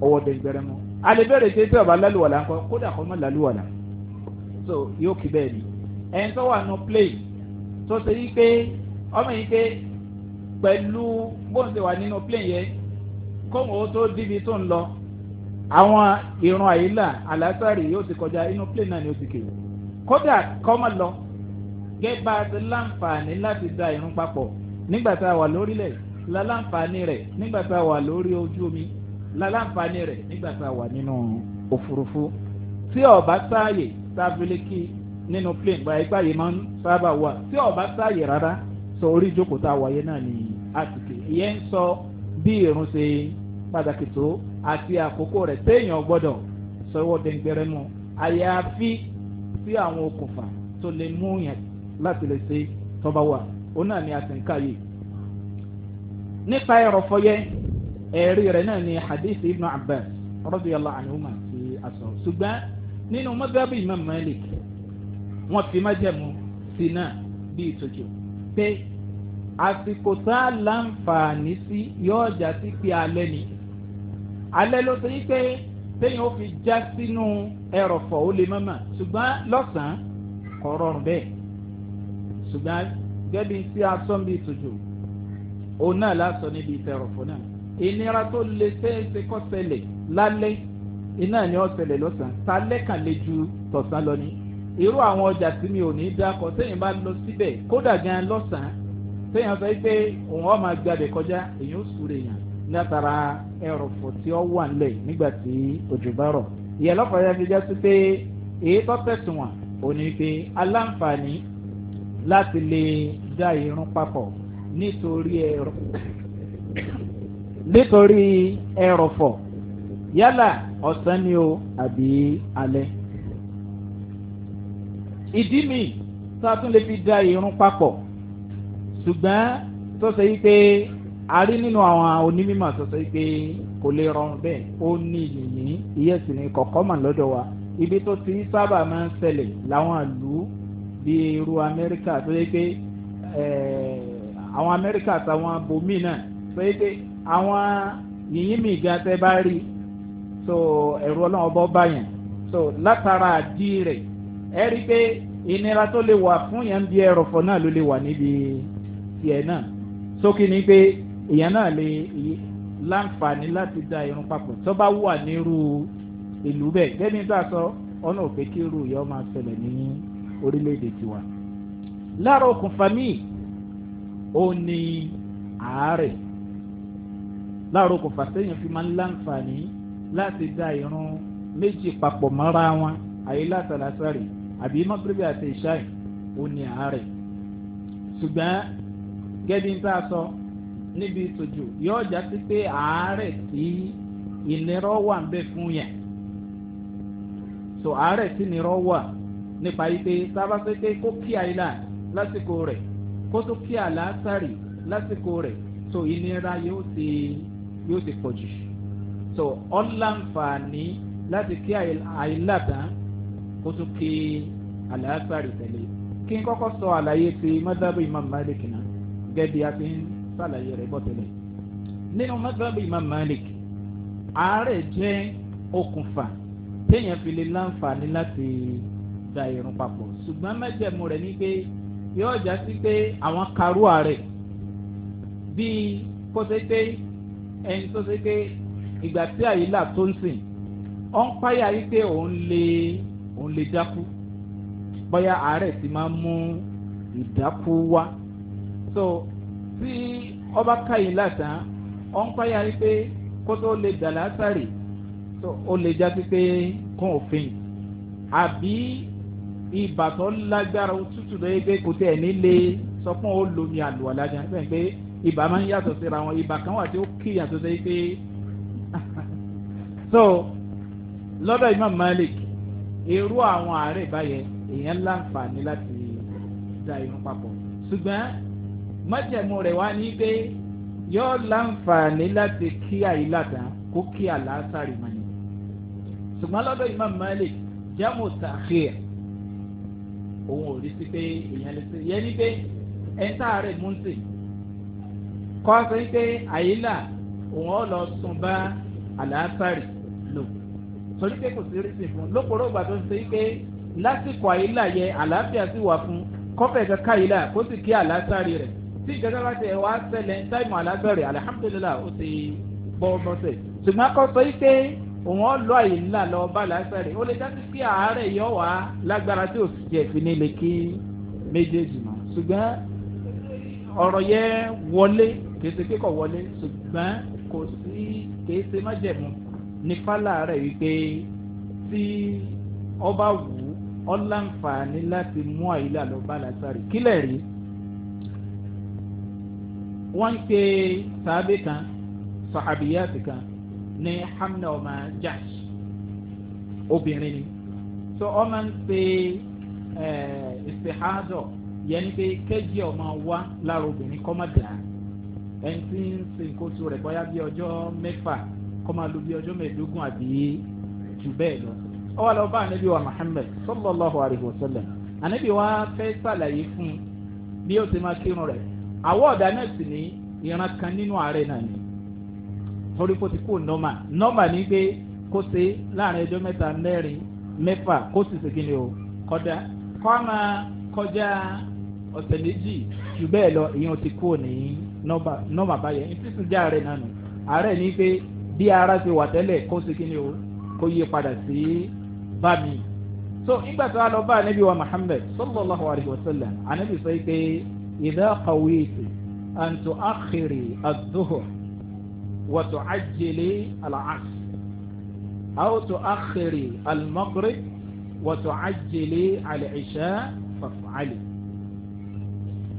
ọwọ́ dẹ̀ngbẹ̀rẹ̀ mọ́ alẹ́bẹ̀rẹ̀ ṣe tí ọba lálùwàlà ńkọ kódà kọ́ mọ́ lálùwàlà so yóò kí bẹ́ẹ̀ ni ẹni tó wà nù plane tó ṣe yí pé ọmọ yìí pé pẹ̀lú bóun ṣe wà nínú plane yẹn kóun ó tó díbi tó ń lọ àwọn ìran àyílà àlásàrì yóò ti kọjá inú plane náà ni ó ti kè kódà kọ́mọ lọ gẹ́ bá a ti láǹfààní láti da ìrún papọ̀ nígbà tá a wà lórílẹ̀ la láǹfààní rẹ̀ nígbà tá a wà lórí ojú omi la láǹfààní rẹ̀ nígbà tá a wà nínú òfurufú tí ọba sáàyè sáfìlìkì nínú plane gba ipá yìí máa ń sábà wà tí ọba sáàyè rárá sọ orí ìjókòó tá a wáyé náà ni a ti kè ìyẹn ń sọ bí ìrún ṣe pàtàkì tó àti àkókò rẹ̀ téèyàn gbọ́dọ̀ sọ́wọ́ dẹ̀ngbẹ̀rẹ̀ mu àyàfi sí àwọn okùnfà tó lè mú yẹn láti lè ṣe tọ́ba wa òun náà ni a ti ń kà yìí. nípa ẹ̀rọ̀fọ̀yẹ́ ẹ̀rí rẹ̀ náà ni hadith ibn abbas radiyallahu anhuma ti aṣọ ṣùgbọ́n nínú mọ́tàbí imam malik wọ́n fi májẹ̀mú sí náà bí ìtòjò pé àsìkò tá a láǹfààní sí yóò jà sí pé alẹ́ ni alẹ́ ló ṣe pé téèyàn ó fi já sínú ẹrọ̀fọ̀ ó lè mọ́mọ́ ṣùgbọ́n lọ́sàn-án kò rọrùn bẹ́ẹ̀ ṣùgbọ́n gẹ́bí sí asọ́nbí ìtòjò òun náà lásán níbi ìtẹ̀rọ̀fọ̀ náà ìnira tó lè ṣeéṣe kọ́ ṣẹlẹ̀ lálẹ́ iná ni ó ṣẹlẹ̀ lọ́sàn-án talẹ́ kàn lè ju tọ̀sán lọ ní irú àwọn ọjà tí mi ò ní dákọ̀ téèyàn bá lọ síbẹ̀ kódà gan lọ́sàn-án téèyàn sọ pé òun ọ̀ máa kọjá èyàn ó súre yàn látara ẹrọ̀fọ̀ tí ó wà nílẹ̀ nígbà tí òjò bá rọ̀ ìyàlọ́kọ̀ yẹn fi jásí pé èyí tó tẹ̀sùn wọn ò ní pé aláǹfààní láti lè dá irun papọ̀ nítorí ẹ̀rọ yálà ọ̀sán ni o àbí alẹ́ ìdí mi tá a tún lè fi dá irun papọ̀ ṣùgbọ́n tó ṣe yí pé ari nínú àwọn onímọ̀ sọ̀sọ́ pé kò lè rọrùn bẹ́ẹ̀ ó ní yìnyín ìyẹn sì ni kọ̀kọ́ mà lọ́dọ̀ wa ibi tó ti sábà máa ń ṣẹlẹ̀ láwọn ìlú bíi irú amẹ́ríkà tó yẹ pé àwọn amẹ́ríkà àtàwọn bomi náà tó yẹ pé àwọn yìnyín mi gan tẹ́ bá rí so ẹ̀rù ọlọ́run ọba ọba so látara àdí rẹ̀ ẹ rí i pé ìnira tó lè wà fún yẹn bí ẹrọ̀fọ̀ náà ló lè wà níbi tiẹ̀ náà sókè ni pé èèyàn náà lè láǹfààní láti da irun papọ̀ tó bá wà nírú ìlú bẹ́ẹ̀ gẹ́gẹ́ bí a sọ ọ̀nà òfin kí irú ìyá máa ṣẹlẹ̀ ní orílẹ̀-èdè tiwa. lára okùnfà míì ó ní àárẹ̀ lára okùnfà sẹ́yìn fi máa ń láǹfààní láti da irun méjì papọ̀ mọ́ra wọn àyè látàlásàrè àbí mọ́tòrìbì àti ìṣáì ó ní àárẹ̀ ṣùgbọ́n gẹ́gẹ́ bí a sọ. So, níbi ìtòjú yóò já sí pé àárẹ̀ tí ìnira wà ń bẹ fún yẹn so àárẹ̀ tí ìnira wà nípa yìí pé sábà pé pé kó kí àyílà lásìkò rẹ̀ kó tó kí àlásàrì lásìkò rẹ̀ so ìnira yóò ti yóò ti pọ̀ jù so ọ̀làǹfààní láti kí àyílà tán kó tó kí àlásàrì tẹ̀lé kí n kọ́kọ́ sọ àlàyé ti mọ́dábù imam malik náà gẹ́gẹ́ bí a ti ń sàlàyé rẹ̀ bọ́ tẹ́lẹ̀ nínú mẹ́tàbí Imam Malik àárẹ̀ jẹ́ okùnfà téèyàn fi lè láǹfààní láti da irun papọ̀ ṣùgbọ́n mẹ́jẹ̀mú rẹ̀ ni pé yóò já sí pé àwọn karùá rẹ̀ bíi kó ṣe pé ẹni tó ṣe pé ìgbà tí àyílà tó ń sìn ọ ń páyà yí pé òun lè òun lè dákú bóyá àárẹ̀ ti máa mú ìdákú wá so tí ọba káyìí látàn ọ ń páyà rí pé kótó lè dà látàrí ó lè já pípé kún òfin àbí ibà tó lágbára tútù lóye pé kò tẹ̀ nílé sọ fún o lomi àlùwàlá jẹ pé pé ibà máa ń yàtọ̀ síra wọn ibà kan wà tí ó kí yàtọ̀ sí pé (laughs) so lọ́dọ̀ imam malik irú àwọn àárẹ̀ báyẹn èèyàn láǹfààní láti da irun papọ̀ ṣùgbọ́n májẹ̀mú rẹ̀ wá ní pé yọ láǹfààní láti kí àyílà tán kó kí àlàásàrì mọ̀ ní. ṣùgbọ́n lọ́dọ̀ imam malik jamu ta'khir òun ò rí sí pé èèyàn lè ṣe yẹ ní pé ẹ̀ńtà rẹ̀ mú sí kọ́ sọ pé àyílà òun ò lọ sùn bá àlàásàrì lò torí pé kò sí rí sí fún un lóporó ìgbà tó ń ṣe pé lásìkò àyílà yẹ àlàáfíà sì wà fún kọ́fẹ̀ẹ́ kankan àyílà kó sì kí àlàásàrì rẹ̀ tí ìjọba bá tẹ̀ wá sẹlẹ̀ ní táìmù alágbẹ̀rẹ̀ alihamudulilayi ó ti bọ́ bọ́sẹ̀ ṣùgbọ́n akọ́ sọ yìí pé òun ọlọ́ àyè ńlá lọ bá lásàrẹ̀ ó lè dájú pé àárẹ̀ yọ wá lágbára tí òsì jẹ́ fi nílé kí méjèèjì mọ̀ ṣùgbọ́n ọ̀rọ̀ yẹn wọlé kèsì kíkọ̀ wọlé ṣùgbọ́n kò sí kèsì májẹ̀mú ní fálà rẹ̀ wípé tí ọba wù ọ́ láǹfààní láti mú àyè ńlá lọ bá lásàrẹ̀ kílẹ̀ rí wọ́n ń pe sàábì kan sàhàbíyàtì kan ní hamna ọmọ jash obìnrin ni so ọ máa ń pe ìsèhádọ yẹn pé kéjì ọmọ wa lára obìnrin kọ́ máa dà ẹni tí ń sin kóso rẹ̀ bóyá bí ọjọ́ mẹ́fà kọ́ máa lo bí ọjọ́ mẹ́ẹ̀ẹ́dógún àbí jù bẹ́ẹ̀ lọ ọ wà lọ bá anabi wa muhammed sallallahu alayhi wa sallam anabi wa fẹ́ sàlàyé fún bí ó ti máa kírun rẹ̀ àwọ̀ ọ̀dà náà sì ní ìran kan nínú ààrẹ náà ni torí kó ti kú nọ́mà nọ́mà ni pé kó ṣe láàrin ẹjọ́ mẹ́ta mẹ́rin mẹ́fà kó sì ṣe kíni o kọ́dá kọ́ á máa kọjá ọ̀sẹ̀ méjì jù bẹ́ẹ̀ lọ ìyẹn ti kú ní nọ́mà báyẹn jẹ́ ààrẹ náà nù ààrẹ ni pé bí ara ti wà tẹ́lẹ̀ kó ṣe kíni o kó yí padà sí so nígbà tó a lọ bá anabi wa muhammed sallallahu alayhi wa sallam anabi sọ pé. إذا قويت أن تؤخري الظهر وتعجلي العصر أو تؤخري المغرب وتعجلي العشاء فافعلي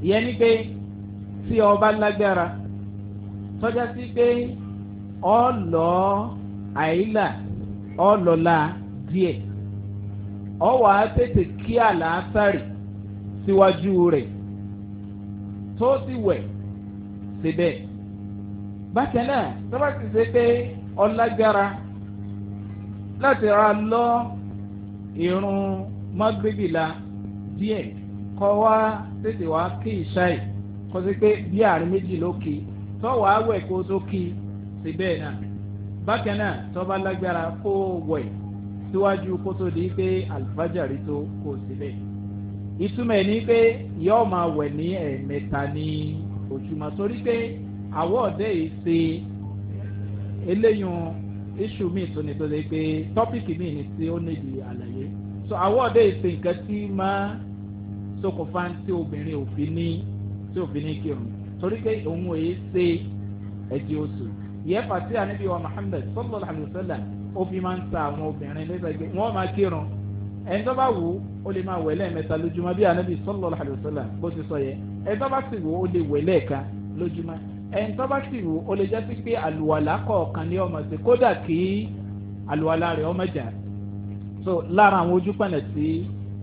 يعني بي في ọba lágbára tọ́já sí pé ọlọ àìlà ọlọ́la díẹ̀ ọwọ́ á tètè kí àlàáfàrì síwájú tó sì wẹ̀ síbẹ̀. bákan náà sábà ti ṣe pé ọlágbára láti ra lọ irun magrebi la díẹ̀ kọ́ wá tètè wá kí ìṣáì kọ́ sí pé bí àárín méjì ló kí tọ́wọ́ awẹ̀ kó tó kí síbẹ̀ náà bákan náà tọ́ba lágbára kó wẹ̀ síwájú kó tó di pé àlùfájàrí tó kó síbẹ̀ ìtumọ̀ ẹ̀ ní pé yóò máa wẹ̀ ní ẹ̀ẹ̀mẹta ní ojúmọ́ torí pé àwọ̀ ọ̀dẹ́ yìí ṣe eléyìí iṣu míì tó ní tó lè pé tọ́pìkì míì ní tí ó níbi àlàyé so àwọ̀ ọ̀dẹ́ yìí ṣe nǹkan tí máa ṣokùnfà tí obìnrin òfin ní tí òfin ní kírun torí pé òun ò yé ṣe ẹ̀jẹ̀ oṣù yẹ́pà tí àníbi wa muhammed sọ́lọ́lá àlùsọ́lá ó fi máa ń ta àwọn obìnrin lẹ́sẹ̀ gbé wọ́n máa kírun ẹni tó bá wù ó lè máa wẹ̀ lẹ́ẹ̀mẹ́ta lójúmọ́ bí anabi sallallahu alaihi wasallam bó ti sọ yẹn ẹni tó bá sì wù ó lè wẹ̀ lẹ́ẹ̀kan lójúmọ́ ẹni tó bá sì wù ó lè jẹ́ sí pé àlùwàlá kọ̀ọ̀kan ní ọmọ sí kódà kí àlùwàlá rẹ̀ ọmọ jà so lára àwọn ojú pẹ̀lẹ̀ tí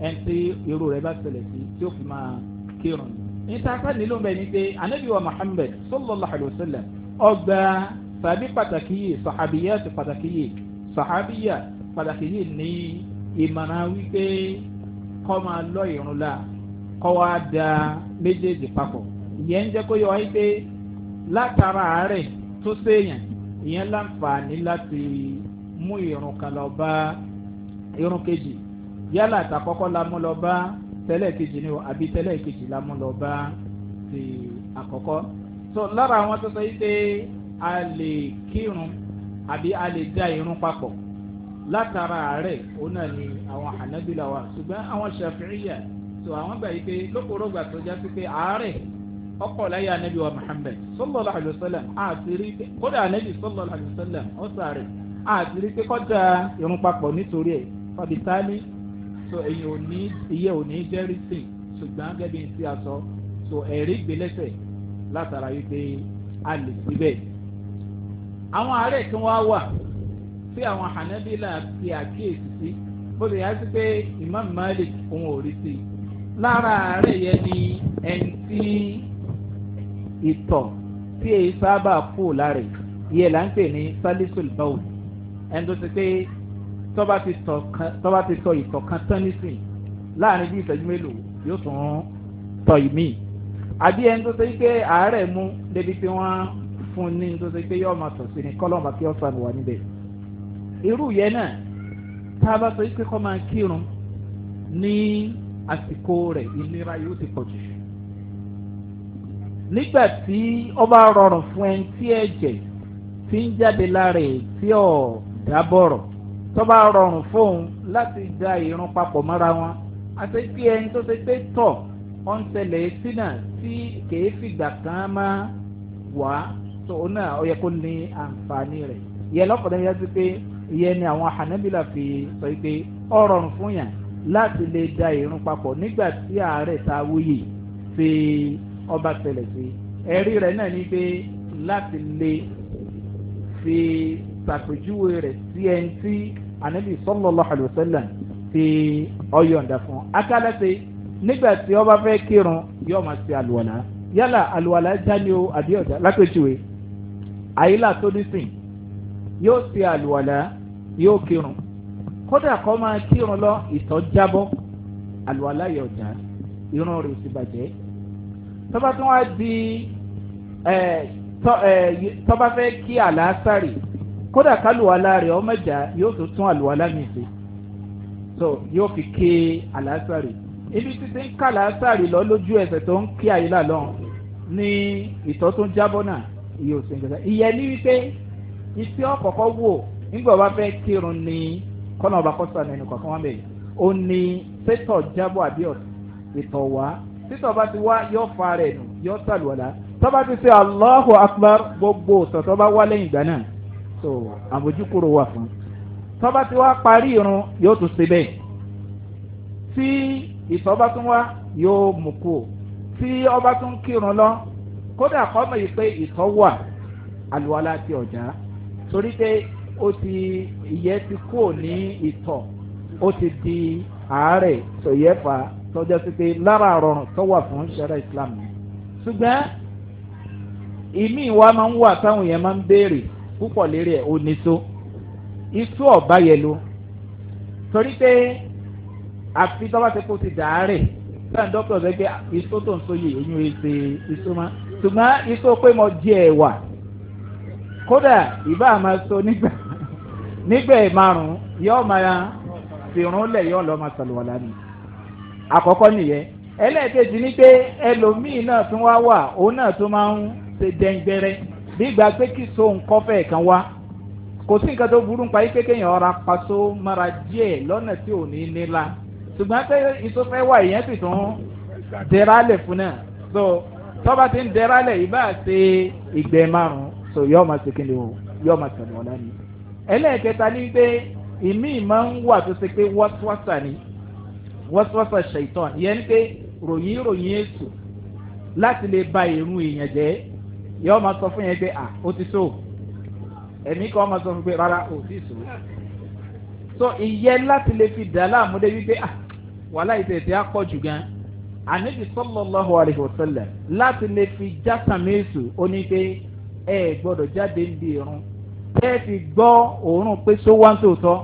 ẹni tí irú rẹ̀ bá ṣẹlẹ̀ sí tí ó fi máa kírun ìtàkà nílò bẹ́ẹ̀ ni pé anabi wa muhammed sallallahu alaihi wasallam ọgbà ìmọ̀ràn wípé kọ́ máa lọ ìrun la kọ́ wá da méjèèjì papọ̀ ìyẹn ń jẹ́ kó yọ wáyé pé látara àárẹ̀ tó séèyàn ìyẹn láǹfààní láti mú ìrun kan lọ bá ìrun kejì yálà àtàkọ́kọ́ la mú lọ bá tẹ́lẹ̀ kejì ni o àbí tẹ́lẹ̀ kejì la mú lọ bá ti àkọ́kọ́ so lára àwọn tó sọ yìí pé a lè kírun àbí a lè da ìrun papọ̀ látara àárẹ̀ òun náà ni àwọn hànábìlà wa ṣùgbọ́n àwọn ṣàfihìyà tó àwọn gbà yìí pé lókòrò gbà tó jásí pé àárẹ̀ ọkọ̀ láyé anabi wa muhammed sallallahu alayhi wa sallam àtìrí kódà anabi sallallahu alayhi wa sallam ó sàrè àtìrí pé kọjá irun papọ̀ nítorí ẹ̀ fàbítálì so èyí ò ní iye ò ní jẹ́rìí sí ṣùgbọ́n gẹ́gẹ́ bí n ti àṣọ so ẹ̀rí gbẹlẹ́sẹ̀ látara yìí pé a lè síbẹ̀ àwọn àárẹ̀ tí wọ́n á wà tí àwọn hanabila fi àkíyèsí sí bó lè yá sí pé imam malik òun ò rí sí i lára àárẹ̀ yẹn ni ẹni tí ìtọ̀ tí èyí sábà kú lára yẹn là ń pè ní salisul bawl ẹni tó ti pé tọ́ba ti tọ ìtọ̀ kan tán nísìnyí láàrin bí ìtọ́jú mélòó yóò tún tọ ìmíì àbí ẹni tó ṣe pé àárẹ̀ mú débi pé wọ́n fún un ní tó ṣe pé yóò máa tọ̀ sí ni kọ́lọ́mà kí ọ̀sán wà níbẹ̀ irú yẹn náà tá a bá sọ pé kọ́ máa kírun ní àsìkò rẹ̀ ìnira yóò ti pọ̀ jù nígbà tí ọba rọrùn fún ẹni tí ẹ̀jẹ̀ ti ń jáde lára ẹ̀ tí ọ̀ dábọ̀rọ̀ tọ́ba rọrùn fóun láti da ìrun papọ̀ mọ́ra wọn àti pé ẹni tó ṣe pé tọ̀ ọ̀ ń ṣẹlẹ̀ sínà tí kèé fìgbà kan máa wà tó náà ó yẹ kó ní àǹfààní rẹ̀ yẹ lọ́kọ̀ọ́ náà yẹ sí pé ìyẹn ni àwọn hanabila fi sọ pé ó rọrùn fún yàn láti lè da ìrun papọ̀ nígbà tí àárẹ̀ ta wúyè fi ọba ṣẹlẹ̀ sí ẹ̀rí rẹ̀ náà ni pé láti lè fi ṣàpèjúwe rẹ̀ sí ẹni tí anabi sallallahu alaihi wasallam ti ọyọ̀ǹda fún akálẹ́sẹ̀ nígbà tí ọba fẹ́ kírun yóò máa ṣe àlùwàlá yálà àlùwàlá jáde o àbí ọ̀dà lápèjúwe àyílà tó ní sìn yóò ṣe àlùwàlà yóò kírun kódà kó máa kírun lọ ìtọ̀ jábọ́ àlùwàlà yóò já irun rẹ̀ sì bàjẹ́ tọ́ba tó wá di tọ́ba fẹ́ kí àlàásàrì kódà kálùwàlà rẹ̀ ọmọjà yóò tó tún àlùwàlà mi ṣe so yóò fi ké àlàásàrì ibi títí ń ká àlàásàrì lọ lójú ẹsẹ̀ tó ń kí àyílà lọ ní ìtọ́ tó ń jábọ́ náà iye òsèǹgbẹ̀ta ìyẹn ní wípé iṣẹ́ ọ̀kọ̀ọ̀kọ̀ wò nígbà wàá fẹ́ kírun ni kọ́nà ọba kọ́sà nínú kọ̀ọ̀kan wá bẹ̀yẹ̀ ó ní pétọ̀ jábọ̀ àbí ìtọ̀ wá títọ̀ bá ti wá yọ fa rẹ̀ nù yọ sàlùwàlà tọ́ba ti ṣe allahu akbar gbogbo tọ̀tọ̀ bá wá lẹ́yìn ìgbà náà so àbójúkúrò wà fún tọ́ba ti wá parí irun yóò tún ṣe bẹ́ẹ̀ tí ìtọ̀ bá tún wá yóò mú kú tí ọba tún kírun lọ kódà kọ́ mọ̀ yìí pé ìtọ̀ wà àlùwàlà ti ọ̀já torí pé ó ti ìyẹ́ ti kúrò ní ìtọ̀ ó ti di àárẹ̀ sòyẹ́fà tọ́jọ́ sí pé lára àrọ̀rùn tó wà fún ṣẹ̀rẹ̀ islam ni. ṣùgbọ́n ìmí wa máa ń wà táwọn yẹn máa ń béèrè púpọ̀ lérí ẹ̀ oníṣó iṣu ọ̀bá yẹn lo torí pé àfi tọ́ba ti kó ti dàárẹ̀ sáà dókítà sọ pé tó ń so yìí èyí ń ṣe iṣu mọ́ ṣùgbọ́n iṣu pé mo jẹ ẹ̀wà kódà ìbá máa so nígbà nígbà márùn yóò máa fìrún lẹ̀ yóò lọ́ọ́ máa sàlùwàlá ni àkọ́kọ́ nìyẹn ẹlẹ́ẹ̀kejì ni pé ẹlòmíì náà tún wá wà òun náà tún máa ń ṣe dẹ́ngbẹ́rẹ́ bí ìgbà pé kí so nǹkan fẹ́ẹ̀ kan wá kò sí nǹkan tó burú nípa yìí pé kéèyàn ọ̀ra paṣọ mara díẹ̀ lọ́nà tí ò ní nílá ṣùgbọ́n pé ìsọfẹ́ wà ìyẹn sì tún dẹ́rálẹ̀ fún náà so tọ́ba ti ń dẹ́rálẹ̀ yìí ṣe ìgbẹ́ márùn-ún so yóò máa ṣèké ni o yóò máa ṣàlù ọ̀la ni. ẹlẹ́ẹ̀kẹta ni pé ìmí máa ń wà tó ṣe pé wọ́síwọ́sà ni wọ́síwọ́sà ṣèitán ìyẹn ni pé ròyìn ròyìn èṣù láti lè ba ìrun èèyàn jẹ́ yóò máa sọ fún yẹn pé à ó ti so ẹ̀mí kan máa sọ fún pé rárá ò sí so so ìyẹn láti lè fi dà láàmú dé wípé à wàhálà ìtẹ̀tẹ̀ á pọ̀ jù gan-an àníbi sọ́lọ́lọ́hu àlehùsẹ́lẹ̀ láti lè fi jásàmẹ́sù oníke ẹ gbọ́dọ̀ jáde ń di irun tẹ́ fi gbọ́ òórùn pé só wá ń tòótọ́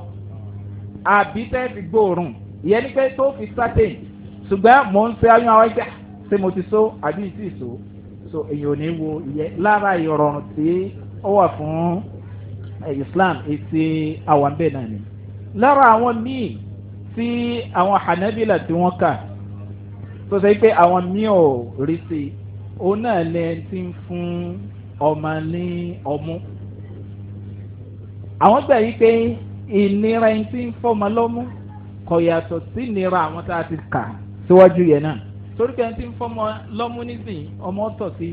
àbí tẹ́ fi gbọ́ òórùn ìyẹn ni pé tó fi sátẹ̀yìn ṣùgbọ́n mò ń fẹ́ ayún àwọn ẹgbẹ́ ṣé mo ti só àbí ìtì ìsó so èyàn ò ní wo ìyẹn lára ìrọ̀rùn tí ó wà fún Islam ètí àwọn ni lára àwọn míì tí àwọn Hanabila tí wọ́n kà tó sọ pé àwọn míì ò rí sí òun náà lẹ́yìn tí ń fún ọmọ ní ọmú àwọn gbà yí pé ìnira tí ń fọmọ lọ́mú kò yàtọ̀ sí ìnira àwọn tá a ti kà síwájú yẹn náà torí pé ẹni tí ń fọmọ lọ́mú nísìnyí ọmọ tọ̀ sí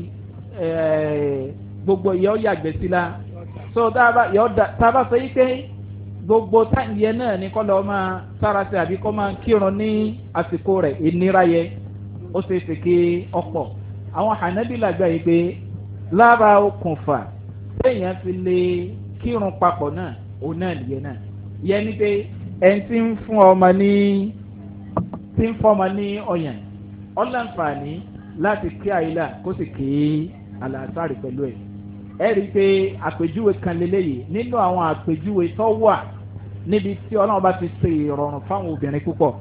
gbogbo ìyá ọ̀yà ya la so tá a bá sọ yí pé gbogbo náà ni kọ́ lọ́ọ́ máa sára sí àbí kọ́ máa kírun ní àsìkò rẹ̀ ìnira ó kí ọ̀pọ̀ lára okùnfà téèyàn fi lè kírun papọ̀ náà òun náà nìyẹn náà yẹn ni pé ẹni tí ń fún ọmọ ní tí ń fọmọ ní ọyàn ọlànfààní láti kí àyílà kó sì kí àlàáfàárì pẹ̀lú ẹ̀ ẹ rí i pé àpèjúwe kan lélẹ́yìí nínú àwọn àpèjúwe tó wà níbi tí ọlọ́run bá ti ṣe ìrọ̀rùn fáwọn obìnrin púpọ̀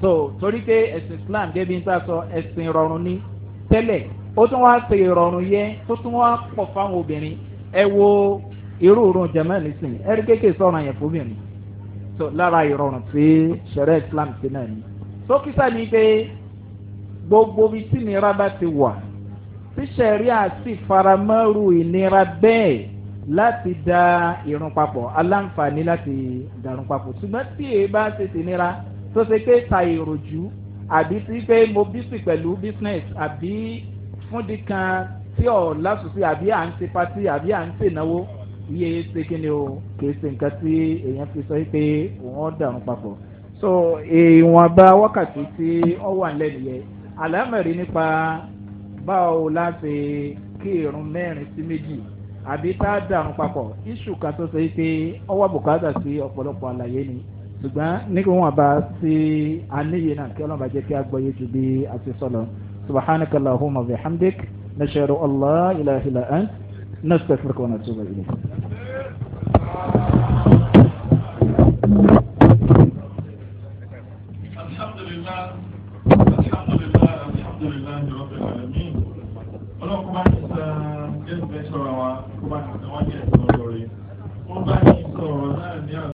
so torí pé ẹ̀sìn islam gẹ́gẹ́ bí n ta sọ ẹ̀sìn ìrọ̀rùn ni tẹ́lẹ̀ ó tún wá pe ìrọ̀rùn yẹn tó tún wá pọ̀ fáwọn obìnrin ẹ wo irú òórùn jẹ̀mọ́ nísìnyí ẹ̀rí kéèké sọ̀rọ̀ yẹn fóbìnrin so lára ìrọ̀rùn tí sẹ̀rẹ̀ islam ti náà ni. sókísà ni pé gbogbo bíi tí nira bá ti wà tí sẹ̀ríà sì faramọ́rù ìnira bẹ́ẹ̀ láti da irun papọ̀ aláǹfààní láti darun papọ̀ ṣùgbọ́n tí èyí bá ṣe nira tó ṣe pé ta èròjú àbí sí pé mo bísí pẹ̀lú business àbí fúndì kan tí ọ̀ lásùsí àbí à ń ṣe patí àbí à ń ṣe náwó iye ṣe kíni o kì í ṣe nǹkan tí èèyàn fi sọ pé òun ọ̀ dàrún papọ̀ so ìwọ̀nba wákàtí tí ọ wà nílẹ̀ nìyẹn àlámẹ̀rí nípa báwo la ṣe kí irun mẹ́rin sí méjì àbí tá a dàrún papọ̀ iṣu kan tó ṣe pé ọwọ́ bùkátà sí ọ̀pọ̀lọpọ̀ àlàyé ni ṣùgbọ́n nígbà wọn bá sí aníyè náà kí ọlọ́run bá jẹ́ kí a gbọ́ yé ju bí a ti sọ lọ. سبحانك اللهم وبحمدك نشهد أن لا إله إلا أنت نستغفرك ونتوب إليك الحمد لله الحمد لله الحمد لله رب العالمين